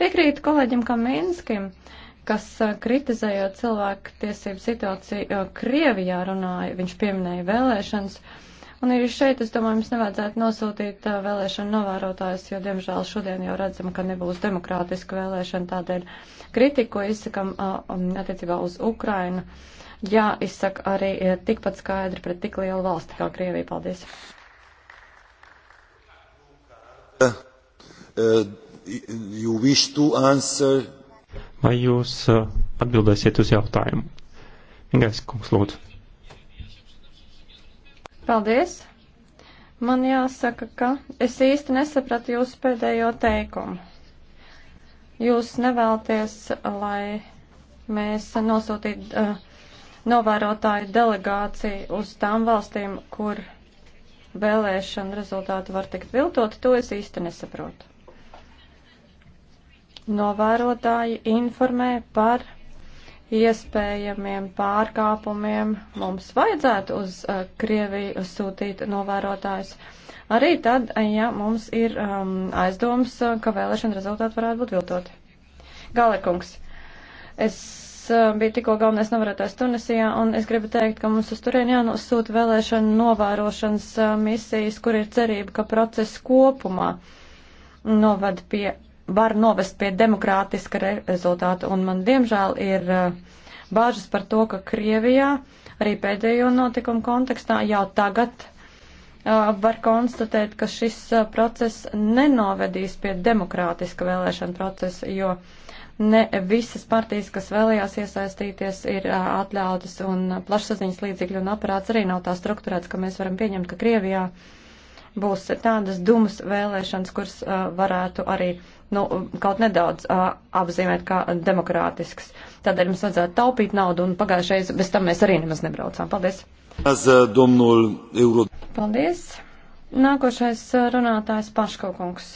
Piekrītu kolēģim Kaminskim. Uh, kas kritizējot cilvēku tiesību situāciju Krievijā runāja, viņš pieminēja vēlēšanas. Un arī šeit, es domāju, mums nevajadzētu nosūtīt vēlēšanu novērotājus, jo, diemžēl, šodien jau redzam, ka nebūs demokrātiska vēlēšana. Tādēļ kritiku izsakam um, attiecībā uz Ukrainu. Jā, izsaka arī tikpat skaidri pret tik lielu valsti kā Krievija. Paldies! Uh, uh, you wish to answer Vai jūs uh, atbildēsiet uz jautājumu? Ingais kungs, lūdzu. Paldies. Man jāsaka, ka es īsti nesapratu jūsu pēdējo teikumu. Jūs nevēlties, lai mēs nosūtītu uh, novērotāju delegāciju uz tām valstīm, kur vēlēšana rezultāti var tikt viltot, to es īsti nesaprotu novērotāji informē par iespējamiem pārkāpumiem. Mums vajadzētu uz uh, Krieviju sūtīt novērotājus. Arī tad, ja mums ir um, aizdoms, uh, ka vēlēšana rezultāti varētu būt viltoti. Galekungs, es uh, biju tikko galvenais novērotājs Tunisijā, un es gribu teikt, ka mums uz turien jānosūta vēlēšana novērošanas uh, misijas, kur ir cerība, ka process kopumā novada pie var novest pie demokrātiska rezultāta. Un man diemžēl ir eh, bāžas par to, ka Krievijā arī pēdējo notikumu kontekstā jau tagad uh, var konstatēt, ka šis eh, process nenovedīs pie demokrātiska vēlēšana procesa, jo ne visas partijas, kas vēlējās iesaistīties, ir uh, atļautas un plašsaziņas līdzekļu un aparāts arī nav tā strukturēts, ka mēs varam pieņemt, ka Krievijā uh, būs tādas dumas vēlēšanas, kuras uh, varētu arī nu, kaut nedaudz uh, apzīmēt kā demokrātisks. Tādēļ mums vajadzētu taupīt naudu, un pagājušais bez tam mēs arī nemaz nebraucām. Paldies! Paldies! Nākošais runātājs Paškokungs.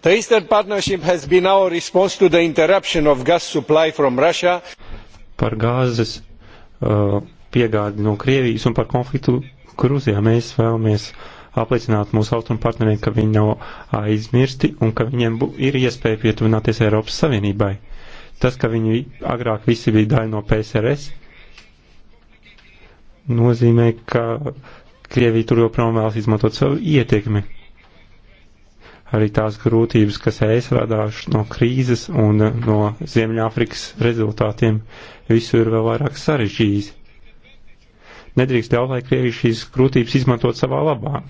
The Eastern Partnership has been our response to the interruption of gas supply from Russia. Par gāzes uh, piegādi no Krievijas un par konfliktu Grūzijā mēs vēlamies uh, apliecināt mūsu austrumu partneriem, ka viņi nav aizmirsti un ka viņiem ir iespēja pietuvināties Eiropas Savienībai. Tas, ka viņi agrāk visi bija daļa no PSRS, nozīmē, ka Krievija tur joprojām vēlas izmantot savu ietekmi. Arī tās grūtības, kas ēs radāšu no krīzes un no Ziemļāfrikas rezultātiem, visu ir vēl vairāk sarežģījis Nedrīkst ļaut, lai Krievija šīs grūtības izmantot savā labā.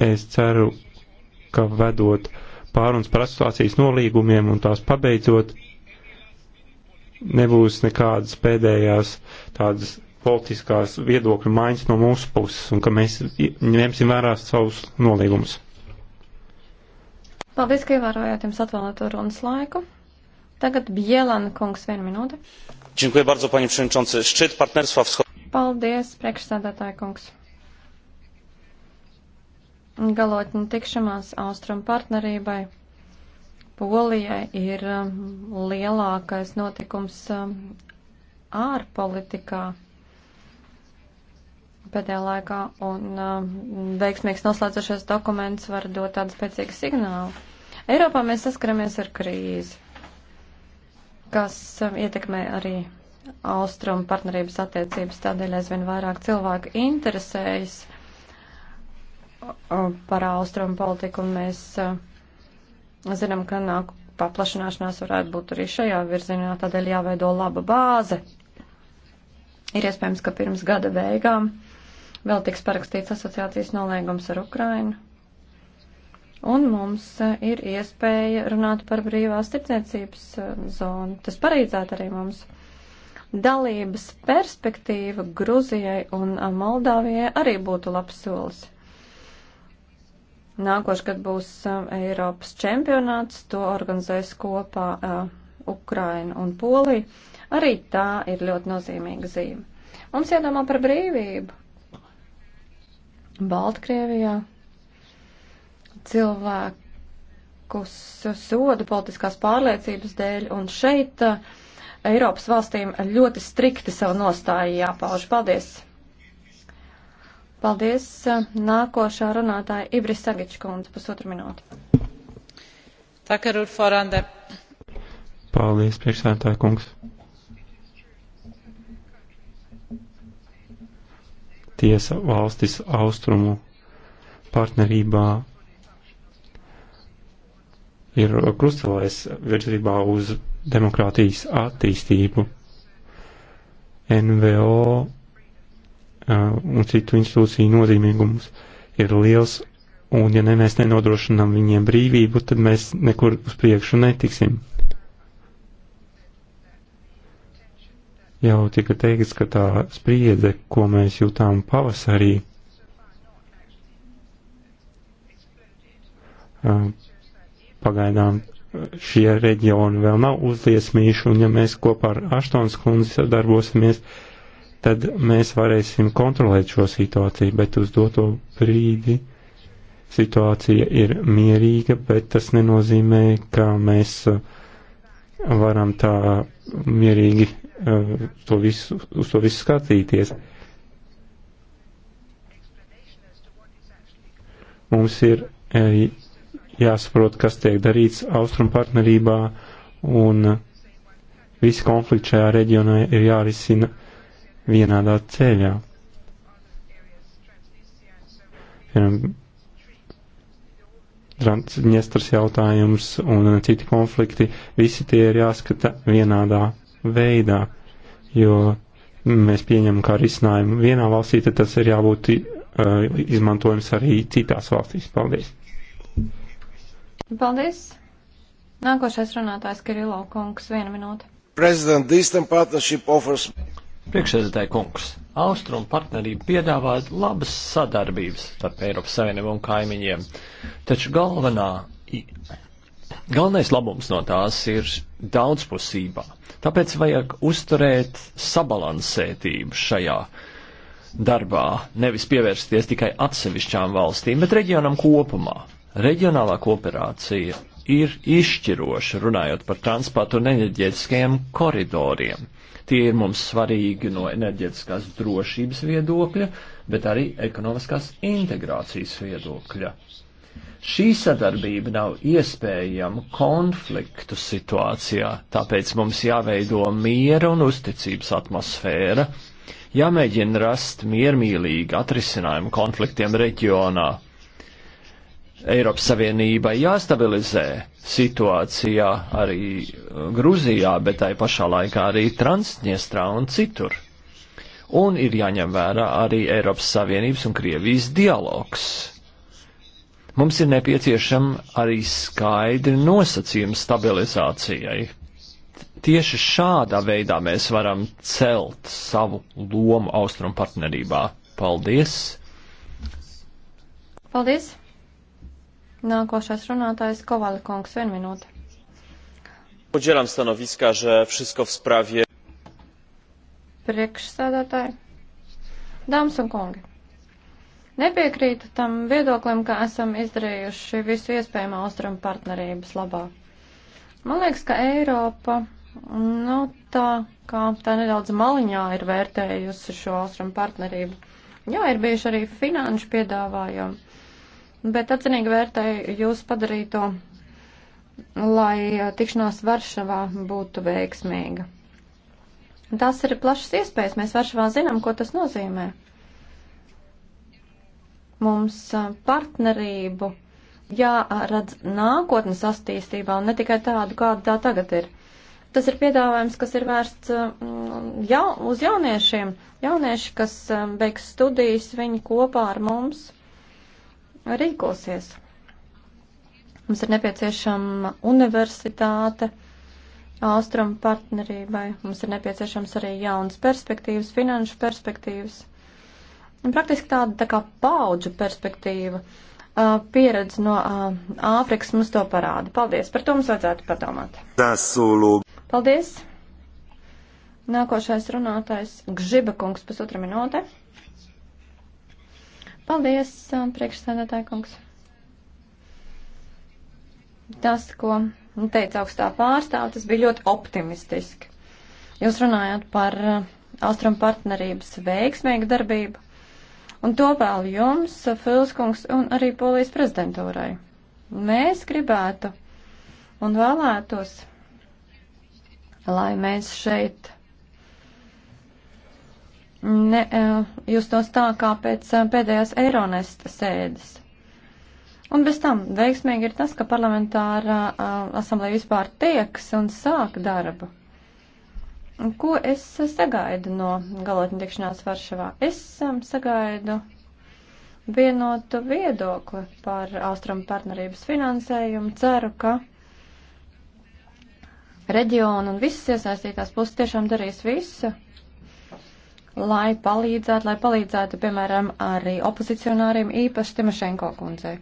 Es ceru, ka vedot pārunas par asociācijas nolīgumiem un tās pabeidzot, nebūs nekādas pēdējās tādas politiskās viedokļu maiņas no mūsu puses un ka mēs ņemsim vērā savus nolīgumus. Paldies, ka ievērojāt jums atvēlēto runas laiku. Tagad Bielan kungs, viena minūte. Dziękuję bardzo, panie przewodniczący. Szczyt partnerstwa wschodniego. Paldies, priekšsēdētāja kungs. Galotņu tikšanās Austrum partnerībai Polijai ir um, lielākais notikums um, ārpolitikā pēdējā laikā, un uh, veiksmīgs noslēdzošais dokuments var dot tādu spēcīgu signālu. Eiropā mēs saskaramies ar krīzi, kas uh, ietekmē arī austrumu partnerības attiecības, tādēļ aizvien vairāk cilvēku interesējas par austrumu politiku, un mēs zinām, ka nāk paplašanāšanās varētu būt arī šajā virzienā, tādēļ jāveido laba bāze. Ir iespējams, ka pirms gada beigām vēl tiks parakstīts asociācijas nolēgums ar Ukrainu. Un mums e, ir iespēja runāt par brīvās tirdzniecības e, zonu. Tas parīdzētu arī mums dalības perspektīva Gruzijai un Moldāvijai arī būtu labs solis. Nākošais gads būs Eiropas čempionāts, to organizēs kopā uh, Ukraina un Polija. Arī tā ir ļoti nozīmīga zīme. Mums jādomā par brīvību. Baltkrievijā cilvēkus soda politiskās pārliecības dēļ, un šeit uh, Eiropas valstīm ļoti strikti savu nostāju jāpauž. Paldies! Paldies! Nākošā runātāja Ibris Sagičkundze, pusotru minūti. Takarur Forande. Paldies, priekšsēdētāja kungs. Tiesa valstis austrumu partnerībā ir krustelēs virzībā uz demokrātijas attīstību. NVO un citu institūciju nozīmīgums ir liels, un ja ne mēs nenodrošinām viņiem brīvību, tad mēs nekur uz priekšu netiksim. Jau tika teikts, ka tā spriedze, ko mēs jūtām pavasarī, pagaidām šie reģioni vēl nav uzliesmījuši, un ja mēs kopā ar Aštons kundzi sadarbosimies, tad mēs varēsim kontrolēt šo situāciju, bet uz doto brīdi situācija ir mierīga, bet tas nenozīmē, ka mēs uh, varam tā mierīgi uh, to visu, uz to visu skatīties. Mums ir jāsaprot, kas tiek darīts austrumu partnerībā, un visi konflikti šajā reģionā ir jārisina vienādā ceļā. Piemēram, Transdņestras jautājums un citi konflikti, visi tie ir jāskata vienādā veidā, jo mēs pieņemam kā risinājumu vienā valstī, tad tas ir jābūt uh, izmantojums arī citās valstīs. Paldies! Paldies! Nākošais runātājs Kirilo kungs, viena minūte. Offers... Priekšsēdētāji kungs, Austrum partnerība piedāvā labas sadarbības starp Eiropas Savienību un kaimiņiem, taču galvenā, galvenais labums no tās ir daudzpusībā. Tāpēc vajag uzturēt sabalansētību šajā darbā, nevis pievērsties tikai atsevišķām valstīm, bet reģionam kopumā. Reģionālā kooperācija ir izšķiroša runājot par transportu un enerģētiskajiem koridoriem. Tie ir mums svarīgi no enerģētiskās drošības viedokļa, bet arī ekonomiskās integrācijas viedokļa. Šī sadarbība nav iespējama konfliktu situācijā, tāpēc mums jāveido miera un uzticības atmosfēra, jāmēģina rast miermīlīgu atrisinājumu konfliktiem reģionā Eiropas Savienībai jāstabilizē situācijā arī Gruzijā, bet tai pašā laikā arī Transdniestrā un citur. Un ir jāņem vērā arī Eiropas Savienības un Krievijas dialogs. Mums ir nepieciešama arī skaidri nosacījumi stabilizācijai. Tieši šādā veidā mēs varam celt savu lomu austrumu partnerībā. Paldies! Paldies! Nākošais runātājs Kovala kungs, vienu minūti. Podzielam stanoviska, že wszystko w sprawie. Priekšsēdētāji, dāmas un kungi, nepiekrītu tam viedoklim, ka esam izdarījuši visu iespējamo austrumu partnerības labā. Man liekas, ka Eiropa, nu tā kā tā nedaudz maliņā ir vērtējusi šo austrumu partnerību. Jā, ir bijuši arī finanšu piedāvājumi bet atzinīgi vērtēju jūs padarīto, lai tikšanās Varšavā būtu veiksmīga. Tas ir plašas iespējas. Mēs Varšavā zinām, ko tas nozīmē. Mums partnerību jāredz nākotnes attīstībā un ne tikai tādu, kāda tā tagad ir. Tas ir piedāvājums, kas ir vērsts jau, uz jauniešiem. Jaunieši, kas beigs studijas, viņi kopā ar mums rīkosies. Mums ir nepieciešama universitāte austrumu partnerībai, mums ir nepieciešams arī jaunas perspektīvas, finanšu perspektīvas. Un praktiski tāda tā kā paudžu perspektīva, uh, pieredze no uh, Āfrikas mums to parāda. Paldies, par to mums vajadzētu padomāt. Dasulu. Paldies. Nākošais runātājs Gžiba kungs pusotra minūte. Paldies, um, priekšsēdētāja kungs. Tas, ko teica augstā pārstāv, tas bija ļoti optimistiski. Jūs runājāt par uh, Austrum partnerības veiksmīgu darbību, un to vēl jums, uh, Filskungs, un arī Polijas prezidentūrai. Mēs gribētu un vēlētos, lai mēs šeit ne, eh, justos tā kā pēc eh, pēdējās Eironesta sēdes. Un bez tam veiksmīgi ir tas, ka parlamentāra eh, asamblēja vispār tieks un sāk darbu. Ko es sagaidu no galotņu tikšanās Varšavā? Es sagaidu vienotu viedokli par austrumu partnerības finansējumu. Ceru, ka reģiona un visas iesaistītās puses tiešām darīs visu, lai palīdzētu, lai palīdzētu, piemēram, arī opozicionāriem, īpaši Timošenko kundzei.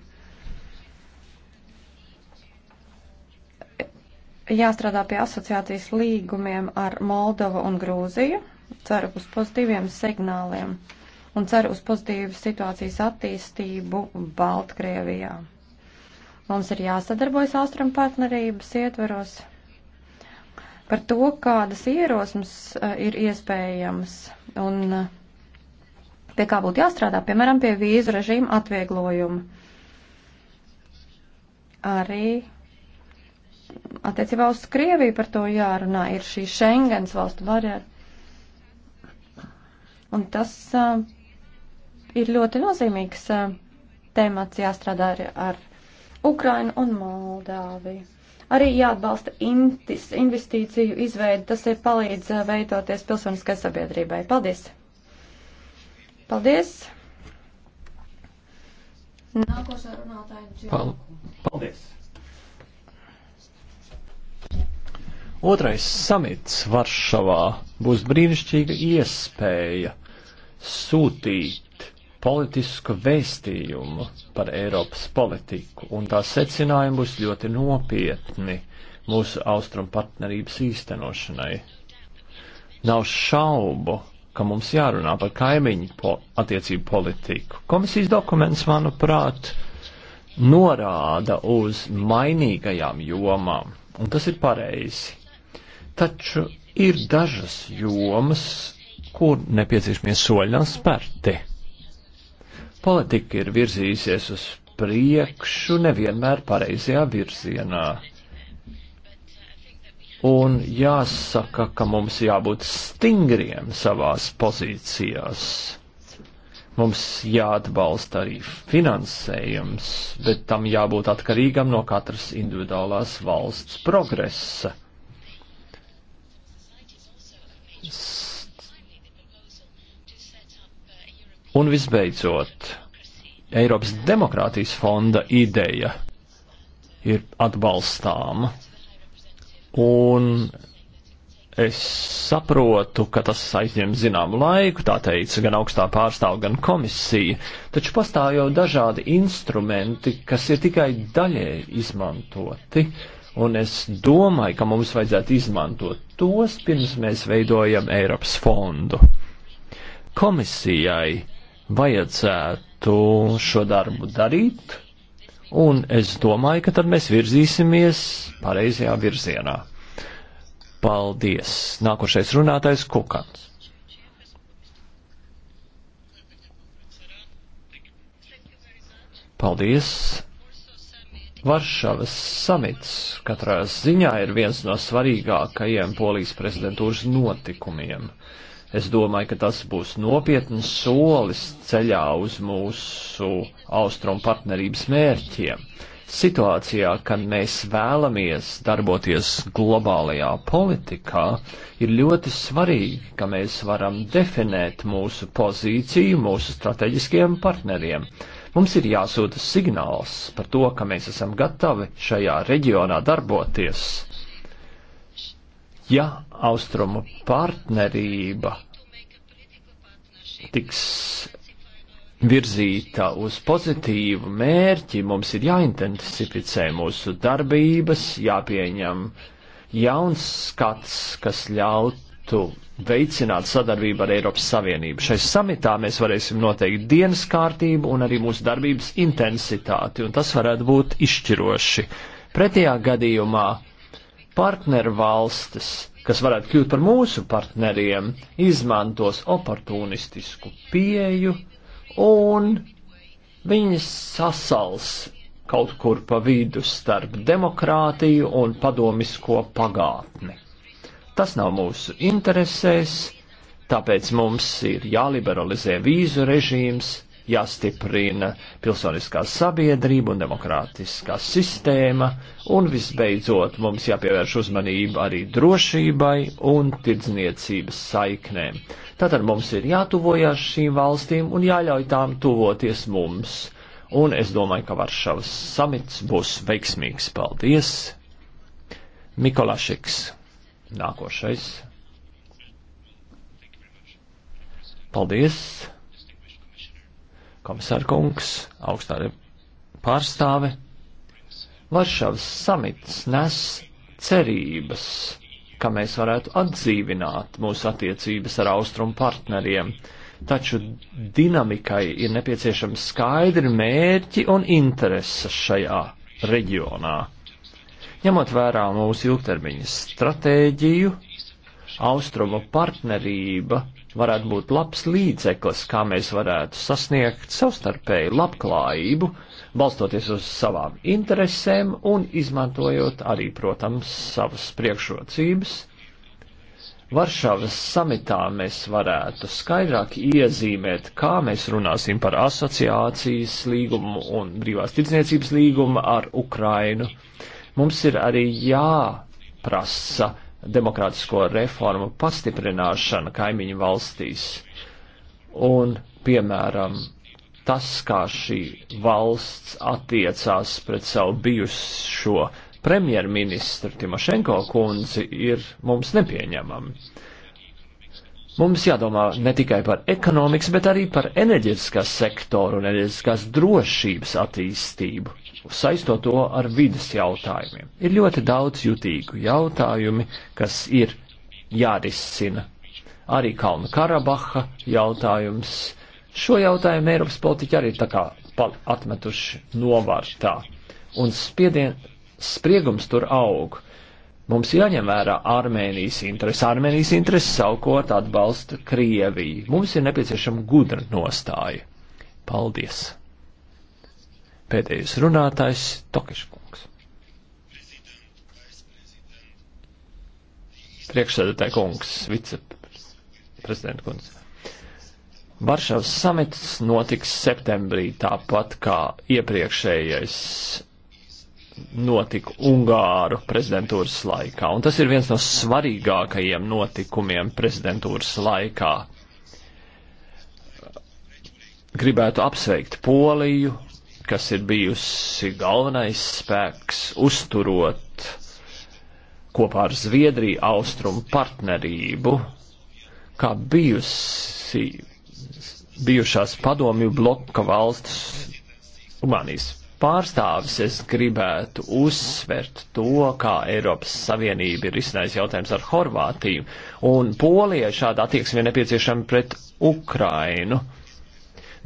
Jāstrādā pie asociācijas līgumiem ar Moldovu un Grūziju. Ceru uz pozitīviem signāliem un ceru uz pozitīvu situācijas attīstību Baltkrievijā. Mums ir jāsadarbojas austrumu partnerības ietveros par to, kādas ierosmes eh, ir iespējams un eh, pie kā būtu jāstrādā, piemēram, pie vīzu režīmu atvieglojuma. Arī attiecībā uz Krieviju par to jārunā, ir šī Schengens valstu barjera. Un tas uh, ir ļoti nozīmīgs uh, temats jāstrādā arī ar Ukrainu un Moldāviju. Arī jāatbalsta intis, investīciju izveidi, tas ir palīdz veidoties pilsoniskai sabiedrībai. Paldies! Paldies! Nākošā runātāja Džēla. Paldies! Otrais samits Varšavā būs brīnišķīga iespēja sūtīt politisku vēstījumu par Eiropas politiku, un tā secinājumi būs ļoti nopietni mūsu austrumu partnerības īstenošanai. Nav šaubu, ka mums jārunā par kaimiņu po attiecību politiku. Komisijas dokuments, manuprāt, norāda uz mainīgajām jomām, un tas ir pareizi. Taču ir dažas jomas, kur nepieciešamie soļi nav spērti Politika ir virzījusies uz priekšu nevienmēr pareizajā virzienā. Un jāsaka, ka mums jābūt stingriem savās pozīcijās. Mums jāatbalsta arī finansējums, bet tam jābūt atkarīgam no katras individuālās valsts progresa. Un visbeidzot, Eiropas demokrātijas fonda ideja ir atbalstāma. Un es saprotu, ka tas aizņem zināmu laiku, tā teica gan augstā pārstāva, gan komisija, taču pastāv jau dažādi instrumenti, kas ir tikai daļēji izmantoti. Un es domāju, ka mums vajadzētu izmantot tos, pirms mēs veidojam Eiropas fondu. Komisijai vajadzētu šo darbu darīt, un es domāju, ka tad mēs virzīsimies pareizajā virzienā. Paldies! Nākošais runātais Kukans. Paldies! Varšavas samits katrā ziņā ir viens no svarīgākajiem polijas prezidentūras notikumiem. Uh, Es domāju, ka tas būs nopietns solis ceļā uz mūsu austrumu partnerības mērķiem. Situācijā, kad mēs vēlamies darboties globālajā politikā, ir ļoti svarīgi, ka mēs varam definēt mūsu pozīciju mūsu strateģiskiem partneriem. Mums ir jāsūta signāls par to, ka mēs esam gatavi šajā reģionā darboties Ja austrumu partnerība tiks virzīta uz pozitīvu mērķi, mums ir jāintensificē mūsu darbības, jāpieņem jauns skats, kas ļautu veicināt sadarbību ar Eiropas Savienību. Šai samitā mēs varēsim noteikt dienas kārtību un arī mūsu darbības intensitāti, un tas varētu būt izšķiroši. Pretējā gadījumā partneru valstis, kas varētu kļūt par mūsu partneriem, izmantos oportunistisku pieju un viņas sasals kaut kur pa vidu starp demokrātiju un padomisko pagātni. Tas nav mūsu interesēs, tāpēc mums ir jāliberalizē vīzu režīms, jāstiprina pilsoniskā sabiedrība un demokrātiskā sistēma, un visbeidzot mums jāpievērš uzmanība arī drošībai un tirdzniecības saiknēm. Tātad mums ir jātuvojas šīm valstīm un jāļauj tām tuvoties mums. Un es domāju, ka Varšavas samits būs veiksmīgs. Paldies! Mikolašiks nākošais. Paldies! komisārkungs, augstā pārstāve. Varšavas samits nes cerības, ka mēs varētu atdzīvināt mūsu attiecības ar austrumu partneriem, taču dinamikai ir nepieciešami skaidri mērķi un intereses šajā reģionā. Ņemot vērā mūsu ilgtermiņa stratēģiju, austrumu partnerība varētu būt labs līdzeklis, kā mēs varētu sasniegt savstarpēju labklājību, balstoties uz savām interesēm un izmantojot arī, protams, savas priekšrocības. Varšavas samitā mēs varētu skaidrāk iezīmēt, kā mēs runāsim par asociācijas līgumu un brīvās tirdzniecības līgumu ar Ukrainu. Mums ir arī jāprasa demokrātisko reformu pastiprināšana kaimiņu valstīs. Un, piemēram, tas, kā šī valsts attiecās pret savu bijušo premjerministru Timošenko kundzi, ir mums nepieņemami. Mums jādomā ne tikai par ekonomikas, bet arī par enerģiskās sektoru un enerģiskās drošības attīstību saistot to ar vidas jautājumiem. Ir ļoti daudz jutīgu jautājumi, kas ir jārisina. Arī Kalnu Karabaha jautājums. Šo jautājumu Eiropas politiķi arī tā kā atmetuši novārtā. Un spiedien, spriegums tur aug. Mums jāņem vērā Armēnijas intereses. Armēnijas intereses savukārt atbalsta Krieviju. Mums ir nepieciešama gudra nostāja. Paldies! Pēdējais runātājs - Tokiškungs. Priekšsēdētāja kungs, viceprezidenta kungs. Varšavas samits notiks septembrī, tāpat kā iepriekšējais notika Ungāru prezidentūras laikā, un tas ir viens no svarīgākajiem notikumiem prezidentūras laikā. Gribētu apsveikt Poliju, kas ir bijusi galvenais spēks uzturot kopā ar Zviedriju austrumu partnerību, kā bijusi bijušās padomju bloka valsts Rumānijas pārstāvis, es gribētu uzsvert to, kā Eiropas Savienība ir izsnējis jautājums ar Horvātiju, un Polija šāda attieksme nepieciešama pret Ukrainu.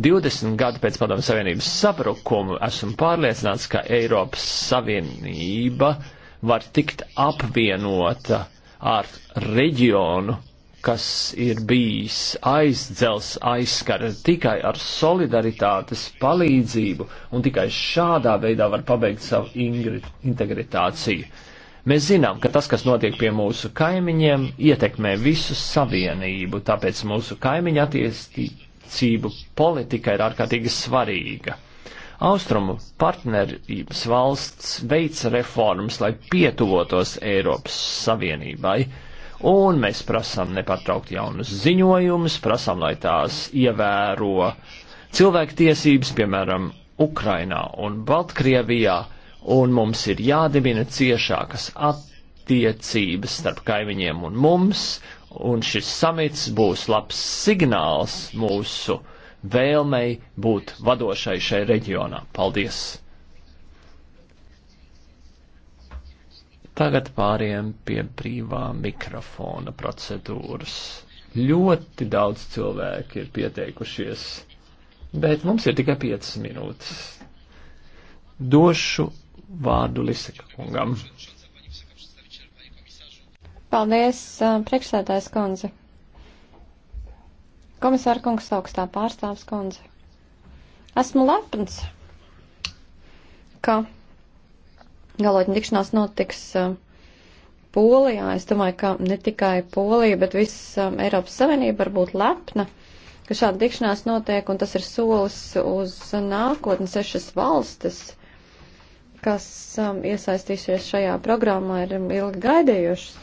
20 gadu pēc Padomu Savienības sabrukumu esmu pārliecināts, ka Eiropas Savienība var tikt apvienota ar reģionu, kas ir bijis aizdzels, aizskara tikai ar solidaritātes palīdzību, un tikai šādā veidā var pabeigt savu integritāciju. Mēs zinām, ka tas, kas notiek pie mūsu kaimiņiem, ietekmē visu savienību, tāpēc mūsu kaimiņa attiesti, rīcību politika ir ārkārtīgi svarīga. Austrumu partnerības valsts veica reformas, lai pietuvotos Eiropas Savienībai, un mēs prasām nepārtraukt jaunus ziņojumus, prasām, lai tās ievēro cilvēktiesības, piemēram, Ukrainā un Baltkrievijā, un mums ir jādibina ciešākas attiecības starp kaimiņiem un mums, un šis samits būs labs signāls mūsu vēlmei būt vadošai šai reģionā. Paldies! Tagad pāriem pie brīvā mikrofona procedūras. Ļoti daudz cilvēku ir pieteikušies, bet mums ir tikai 5 minūtes. Došu vārdu Liseka kungam. Paldies, eh, priekšsētājs kundze. Komisāra kungs augstā pārstāvs kundze. Esmu lepns, ka galotņa tikšanās notiks eh, Polijā. Es domāju, ka ne tikai Polija, bet visas eh, Eiropas Savienība var būt lepna, ka šāda tikšanās notiek, un tas ir solis uz nākotni sešas valstis kas um, iesaistīsies šajā programmā, ir ilgi gaidījušas.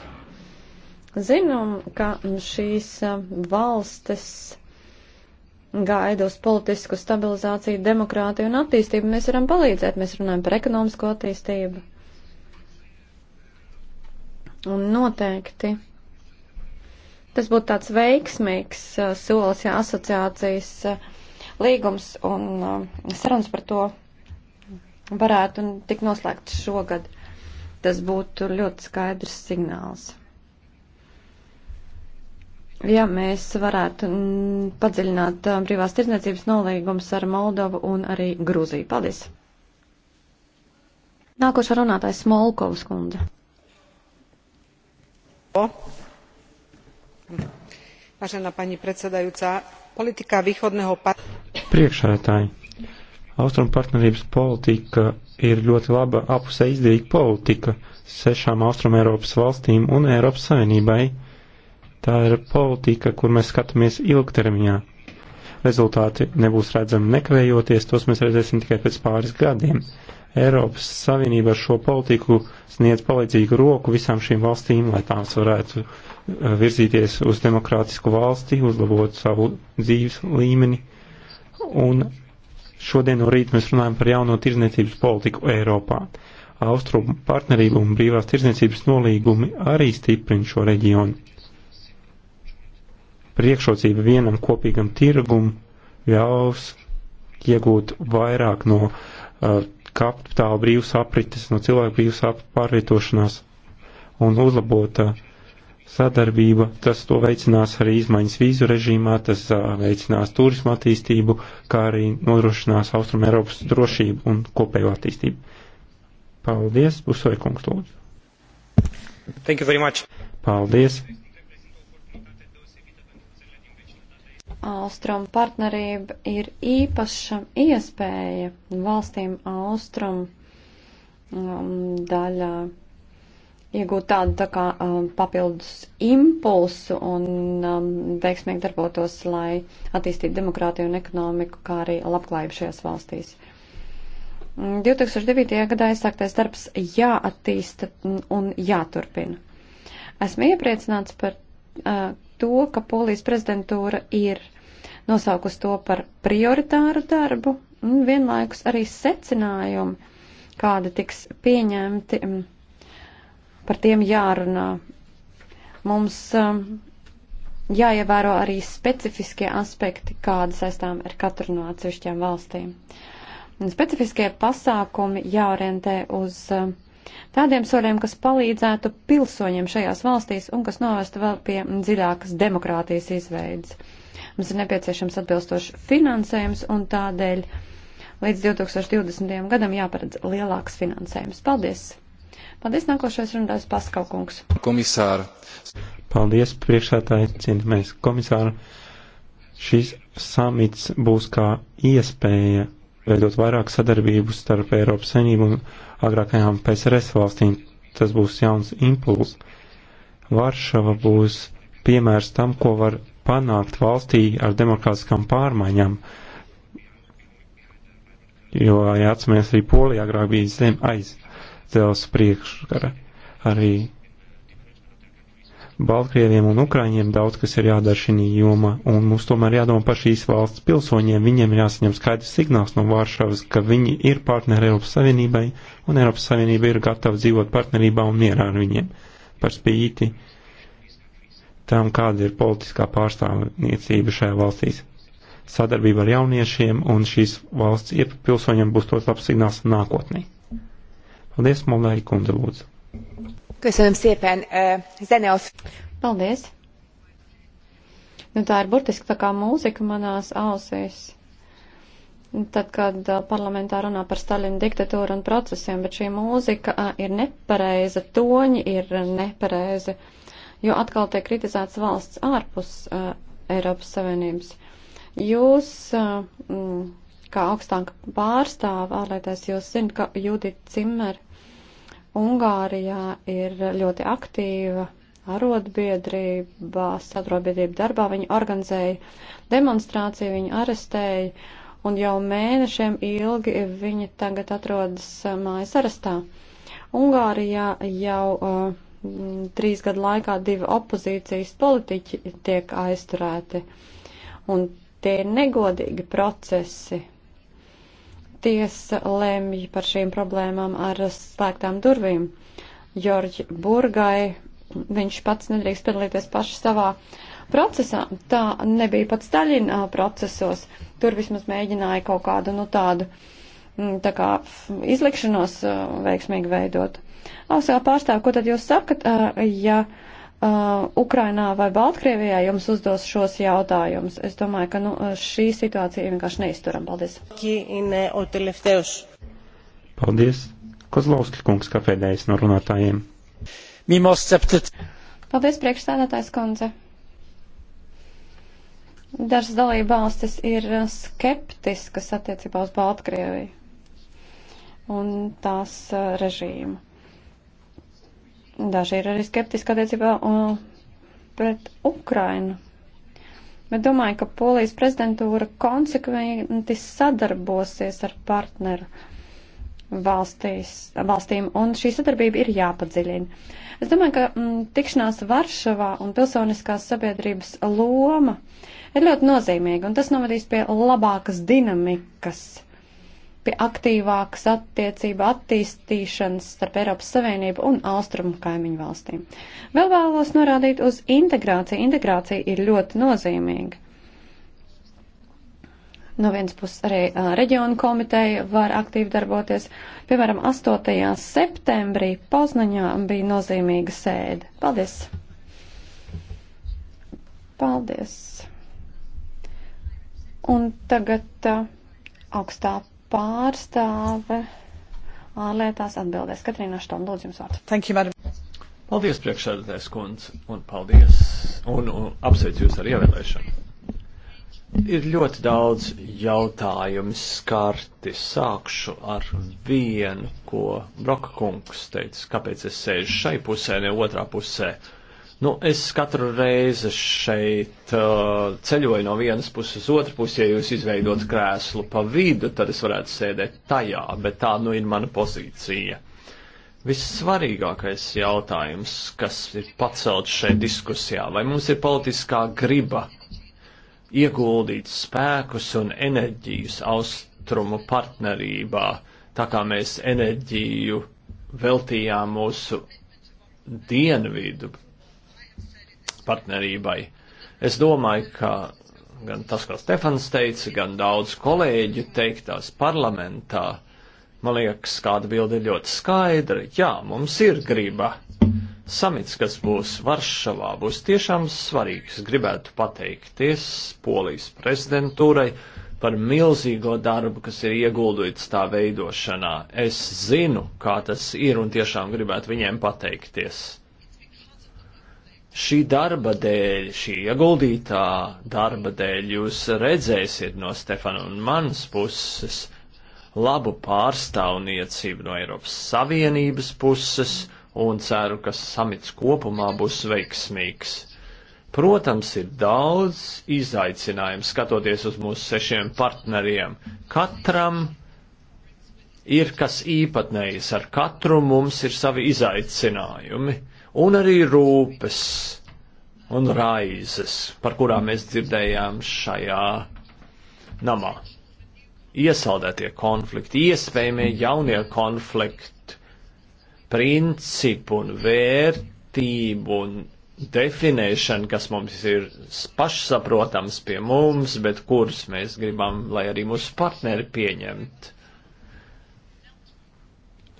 Zinām, ka šīs valstis gaida uz politisku stabilizāciju, demokrātiju un attīstību. Mēs varam palīdzēt, mēs runājam par ekonomisko attīstību. Un noteikti tas būtu tāds veiksmīgs solis, ja asociācijas līgums un sarunas par to varētu tik noslēgt šogad. Tas būtu ļoti skaidrs signāls. Ja mēs varētu mm, padziļināt um, brīvās tirdzniecības nolīgumus ar Moldovu un arī Gruziju. Paldies! Nākošā runātājs Smolkovs kundze. Vážená pani predsedajúca, politika východného Priekšsētāji, Austrum partnerības politika ir ļoti laba apusē izdevīga politika sešām Austrum Eiropas valstīm un Eiropas Savienībai Tā ir politika, kur mēs skatāmies ilgtermiņā. Rezultāti nebūs redzami nekavējoties, tos mēs redzēsim tikai pēc pāris gadiem. Eiropas Savienība ar šo politiku sniedz palīdzīgu roku visām šīm valstīm, lai tās varētu eh, virzīties uz demokrātisku valsti, uzlabot savu dzīves līmeni. Un šodien no rīta mēs runājam par jauno tirzniecības politiku Eiropā. Austrumu partnerību un brīvās tirzniecības nolīgumi arī stiprina šo reģionu priekšrocība vienam kopīgam tirgum ļaus iegūt vairāk no uh, kapitāla brīvas aprites, no cilvēku brīvas pārvietošanās un uzlabota uh, sadarbība. Tas to veicinās arī izmaiņas vīzu režīmā, tas uh, veicinās turismu attīstību, kā arī nodrošinās Austrum Eiropas drošību un kopējo attīstību. Paldies, Busoja kungs, lūdzu. Thank you very much. Paldies. Austrum partnerība ir īpaša iespēja valstīm Austrum um, daļā iegūt tādu tā kā um, papildus impulsu un um, veiksmīgi darbotos, lai attīstītu demokrātiju un ekonomiku, kā arī labklājību šajās valstīs. 2009. Mm, gadā iesāktais darbs jāattīsta un jāturpina. Esmu iepriecināts par uh, to, ka Polijas prezidentūra ir nosaukus to par prioritāru darbu un vienlaikus arī secinājumi, kādi tiks pieņemti, mm, par tiem jārunā. Mums mm, jāievēro arī specifiskie aspekti, kādi saistām ar katru no atsevišķām valstīm. Specifiskie pasākumi jāorientē uz uh, tādiem soļiem, kas palīdzētu pilsoņiem šajās valstīs un kas novestu vēl pie dziļākas demokrātijas izveidas. Mums ir nepieciešams atbilstošs finansējums un tādēļ līdz 2020. gadam jāparedz lielāks finansējums. Paldies! Paldies, nākošais runātājs Paskalkungs. Komisāra. Paldies, priekšētāji, cienījamies komisāru. Šis samits būs kā iespēja veidot vairāk sadarbību starp Eiropas saimnību un agrākajām PSRS valstīm. Tas būs jauns impuls. Varšava būs piemērs tam, ko var panākt valstī ar demokrātiskām pārmaiņām. Jo, ja atceramies, arī Polija agrāk bija zem aiz dzelzs priekškara. Arī Baltkrieviem un Ukraiņiem daudz kas ir jādara šī joma, un mums tomēr jādomā par šīs valsts pilsoņiem. Viņiem ir jāsaņem skaidrs signāls no Vāršavas, ka viņi ir partneri Eiropas Savienībai, un Eiropas Savienība ir gatava dzīvot partnerībā un mierā ar viņiem. Par spīti tam, kāda ir politiskā pārstāvniecība šajā valstīs. Sadarbība ar jauniešiem un šīs valsts pilsoņiem būs tos labs signāls nākotnē. Paldies, Molēri kundze, lūdzu. Köszönöm szépen. Zene a... Paldies. Nu, tā ir burtiski tā kā mūzika manās ausīs. Tad, kad parlamentā runā par Stalina diktatūru un procesiem, bet šī mūzika ir nepareiza, toņi ir nepareizi, jo atkal tiek kritizēts valsts ārpus uh, Eiropas Savienības. Jūs, uh, kā augstāka pārstāva ārlietēs, jūs zinat, ka Judita Cimmer Ungārijā ir ļoti aktīva arotbiedrība, sadrobiedrība darbā. Viņi organizēja demonstrāciju, viņi arestēja, un jau mēnešiem ilgi viņi tagad atrodas uh, mājas arestā. Ungārijā jau uh, trīs gadu laikā divi opozīcijas politiķi tiek aizturēti, un tie ir negodīgi procesi tiesa lemj par šīm problēmām ar slēgtām durvīm. Jorģi Burgai viņš pats nedrīkst piedalīties paši savā procesā. Tā nebija pat Staļina procesos. Tur vismaz mēģināja kaut kādu, nu tādu, mm, tā kā izlikšanos veiksmīgi veidot. Ausā pārstāv, ko tad jūs sakat, ja. Uh, uh, Ukrainā vai Baltkrievijā jums uzdos šos jautājumus. Es domāju, ka nu, uh, šī situācija ir vienkārši neizturama. Paldies. Paldies. Kozlovskis kungs, kā pēdējais no runātājiem. Paldies, priekšstādātājs kundze. Dažas dalība valstis ir uh, skeptiskas attiecībā uz Baltkrieviju un tās uh, režīmu. Daži ir arī skeptiski attiecībā pret Ukrainu. Bet domāju, ka Polijas prezidentūra konsekventi sadarbosies ar partneru valstīs, valstīm, un šī sadarbība ir jāpadziļina. Es domāju, ka m, mm, tikšanās Varšavā un pilsoniskās sabiedrības loma ir ļoti nozīmīga, un tas novadīs pie labākas dinamikas pie aktīvākas attiecība attīstīšanas starp Eiropas Savienību un austrumu kaimiņu valstīm. Vēl vēlos norādīt uz integrāciju. Integrācija ir ļoti nozīmīga. No vienas puses arī a, reģionu komiteja var aktīvi darboties. Piemēram, 8. septembrī Poznaņā bija nozīmīga sēde. Paldies! Paldies! Un tagad uh, augstā pārstāve ārlietās atbildēs. Katrīna Štona, lūdzu jums vārdu. Thank you, madam. Paldies, priekšsēdētājs kundze, un paldies, un, un apsveicu jūs ar ievēlēšanu. Ir ļoti daudz jautājumu skarti. Sākšu ar vienu, ko Broka kungs teica, kāpēc es sēžu šai pusē, ne otrā pusē. Uh, Nu, es katru reizi šeit uh, ceļoju no vienas puses uz otru pusi, ja jūs izveidot krēslu pa vidu, tad es varētu sēdēt tajā, bet tā nu ir mana pozīcija. Vissvarīgākais jautājums, kas ir pacelts šajā diskusijā, vai mums ir politiskā griba ieguldīt spēkus un enerģijas austrumu partnerībā, tā kā mēs enerģiju veltījām mūsu dienvidu partnerībai. Es domāju, ka gan tas, ko Stefans teica, gan daudz kolēģu teiktās parlamentā, man liekas, kāda bilde ir ļoti skaidra. Jā, mums ir griba. Samits, kas būs Varšavā, būs tiešām svarīgs. Gribētu pateikties Polijas prezidentūrai par milzīgo darbu, kas ir ieguldīts tā veidošanā. Es zinu, kā tas ir un tiešām gribētu viņiem pateikties. Šī darba dēļ, šī ieguldītā darba dēļ jūs redzēsiet no Stefana un manas puses labu pārstāvniecību no Eiropas Savienības puses un ceru, ka samits kopumā būs veiksmīgs. Protams, ir daudz izaicinājumu skatoties uz mūsu sešiem partneriem. Katram ir kas īpatnējs, ar katru mums ir savi izaicinājumi un arī rūpes un raizes, par kurām mēs dzirdējām šajā namā. Iesaldētie konflikti, iespējamie jaunie konflikti, principu un vērtību un definēšana, kas mums ir pašsaprotams pie mums, bet kurus mēs gribam, lai arī mūsu partneri pieņemt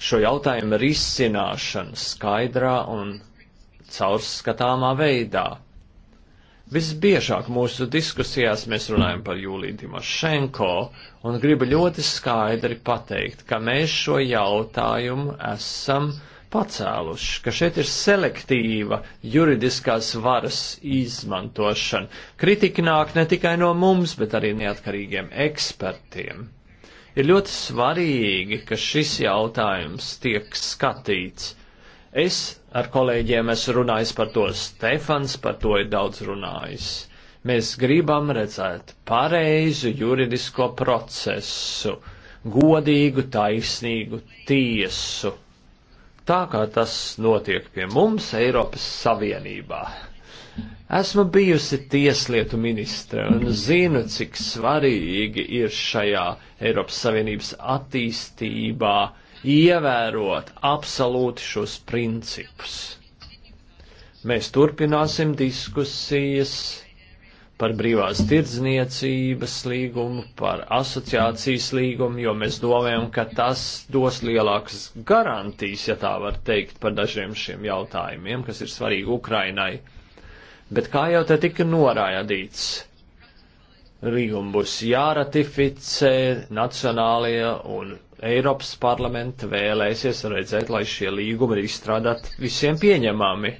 šo jautājumu risināšanu skaidrā un caurskatāmā veidā. Visbiežāk mūsu diskusijās mēs runājam par Jūliju Timošenko un gribu ļoti skaidri pateikt, ka mēs šo jautājumu esam pacēluši, ka šeit ir selektīva juridiskās varas izmantošana. Kritika nāk ne tikai no mums, bet arī neatkarīgiem ekspertiem. Ir ļoti svarīgi, ka šis jautājums tiek skatīts. Es ar kolēģiem esmu runājis par to, Stefans par to ir daudz runājis. Mēs gribam redzēt pareizu juridisko procesu, godīgu, taisnīgu tiesu, tā kā tas notiek pie mums Eiropas Savienībā. Esmu bijusi tieslietu ministre un zinu, cik svarīgi ir šajā Eiropas Savienības attīstībā ievērot absolūti šos principus. Mēs turpināsim diskusijas par brīvās tirdzniecības līgumu, par asociācijas līgumu, jo mēs domājam, ka tas dos lielākas garantijas, ja tā var teikt, par dažiem šiem jautājumiem, kas ir svarīgi Ukrainai. Bet kā jau te tika norādīts, līguma būs jāratificē nacionālajie un Eiropas parlamenta vēlēsies redzēt, lai šie līgumi ir izstrādāti visiem pieņemami.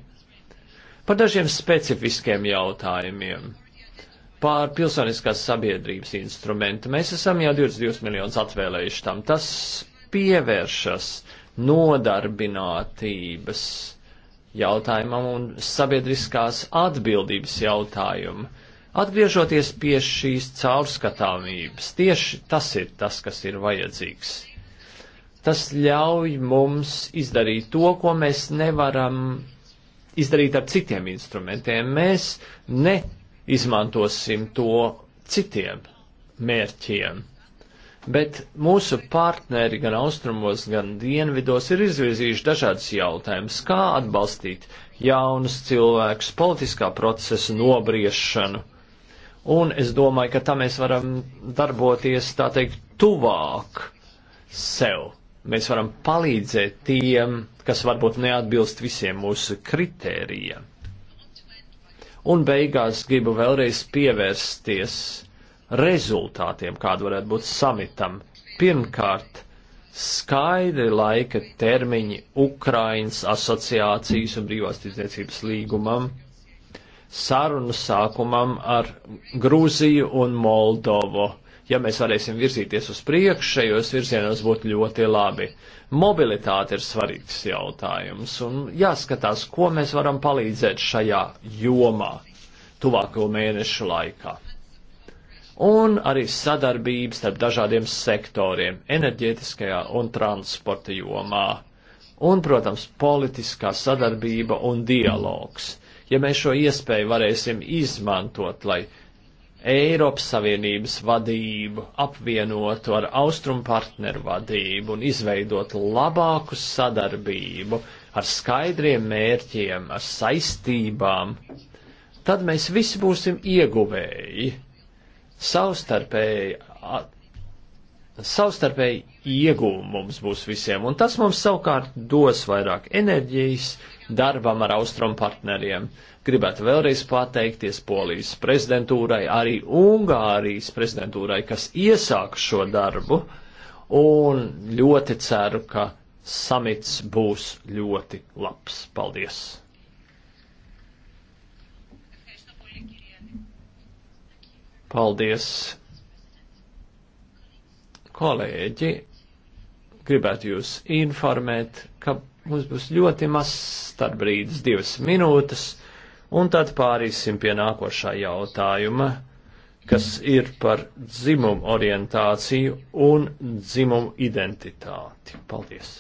Par dažiem specifiskiem jautājumiem. Pār pilsoniskās sabiedrības instrumentu mēs esam jau 22 miljonus atvēlējuši tam. Tas pievēršas nodarbinātības jautājumam un sabiedriskās atbildības jautājumu. Atgriežoties pie šīs caurskatāmības, tieši tas ir tas, kas ir vajadzīgs. Tas ļauj mums izdarīt to, ko mēs nevaram izdarīt ar citiem instrumentiem. Mēs neizmantosim to citiem mērķiem bet mūsu partneri gan austrumos, gan dienvidos ir izvirzījuši dažādas jautājumas, kā atbalstīt jaunus cilvēkus, politiskā procesa nobriešanu. Un es domāju, ka tā mēs varam darboties, tā teikt, tuvāk sev mēs varam palīdzēt tiem, kas varbūt neatbilst visiem mūsu kritērijiem. Un beigās gribu vēlreiz pievērsties rezultātiem, kāda varētu būt samitam. Pirmkārt, skaidri laika termiņi Ukrainas asociācijas un brīvās tirdzniecības līgumam, sarunu sākumam ar Grūziju un Moldovu. Ja mēs varēsim virzīties uz priekšu, šajos virzienos būtu ļoti labi. Mobilitāte ir svarīgs jautājums un jāskatās, ko mēs varam palīdzēt šajā jomā tuvāko mēnešu laikā un arī sadarbību starp dažādiem sektoriem - enerģētiskajā un transporta jomā. Un, protams, politiskā sadarbība un dialogs. Ja mēs šo iespēju varēsim izmantot, lai Eiropas Savienības vadību apvienotu ar austrumu partneru vadību un izveidot labāku sadarbību ar skaidriem mērķiem, ar saistībām, tad mēs visi būsim ieguvēji savstarpēji, savstarpēji iegūmi mums būs visiem, un tas mums savukārt dos vairāk enerģijas darbam ar austrum partneriem. Gribētu vēlreiz pateikties Polijas prezidentūrai, arī Ungārijas prezidentūrai, kas iesāk šo darbu, un ļoti ceru, ka samits būs ļoti labs. Paldies! Paldies! Kolēģi, gribētu jūs informēt, ka mums būs ļoti mazs starpbrīdis, divas minūtes, un tad pārīsim pie nākošā jautājuma kas ir par dzimumu orientāciju un dzimumu identitāti. Paldies!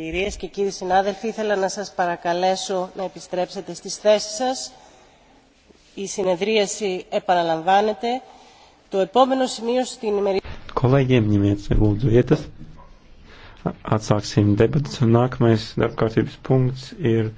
Κυρίες και κύριοι συνάδελφοι, ήθελα να σας παρακαλέσω να επιστρέψετε στις θέσεις σας. Η συνεδρίαση επαναλαμβάνεται. Το επόμενο σημείο στην ημερή... Kolēģiem ņemiet lūdzu vietas. Atsāksim debatas. Nākamais darbkārtības punkts ir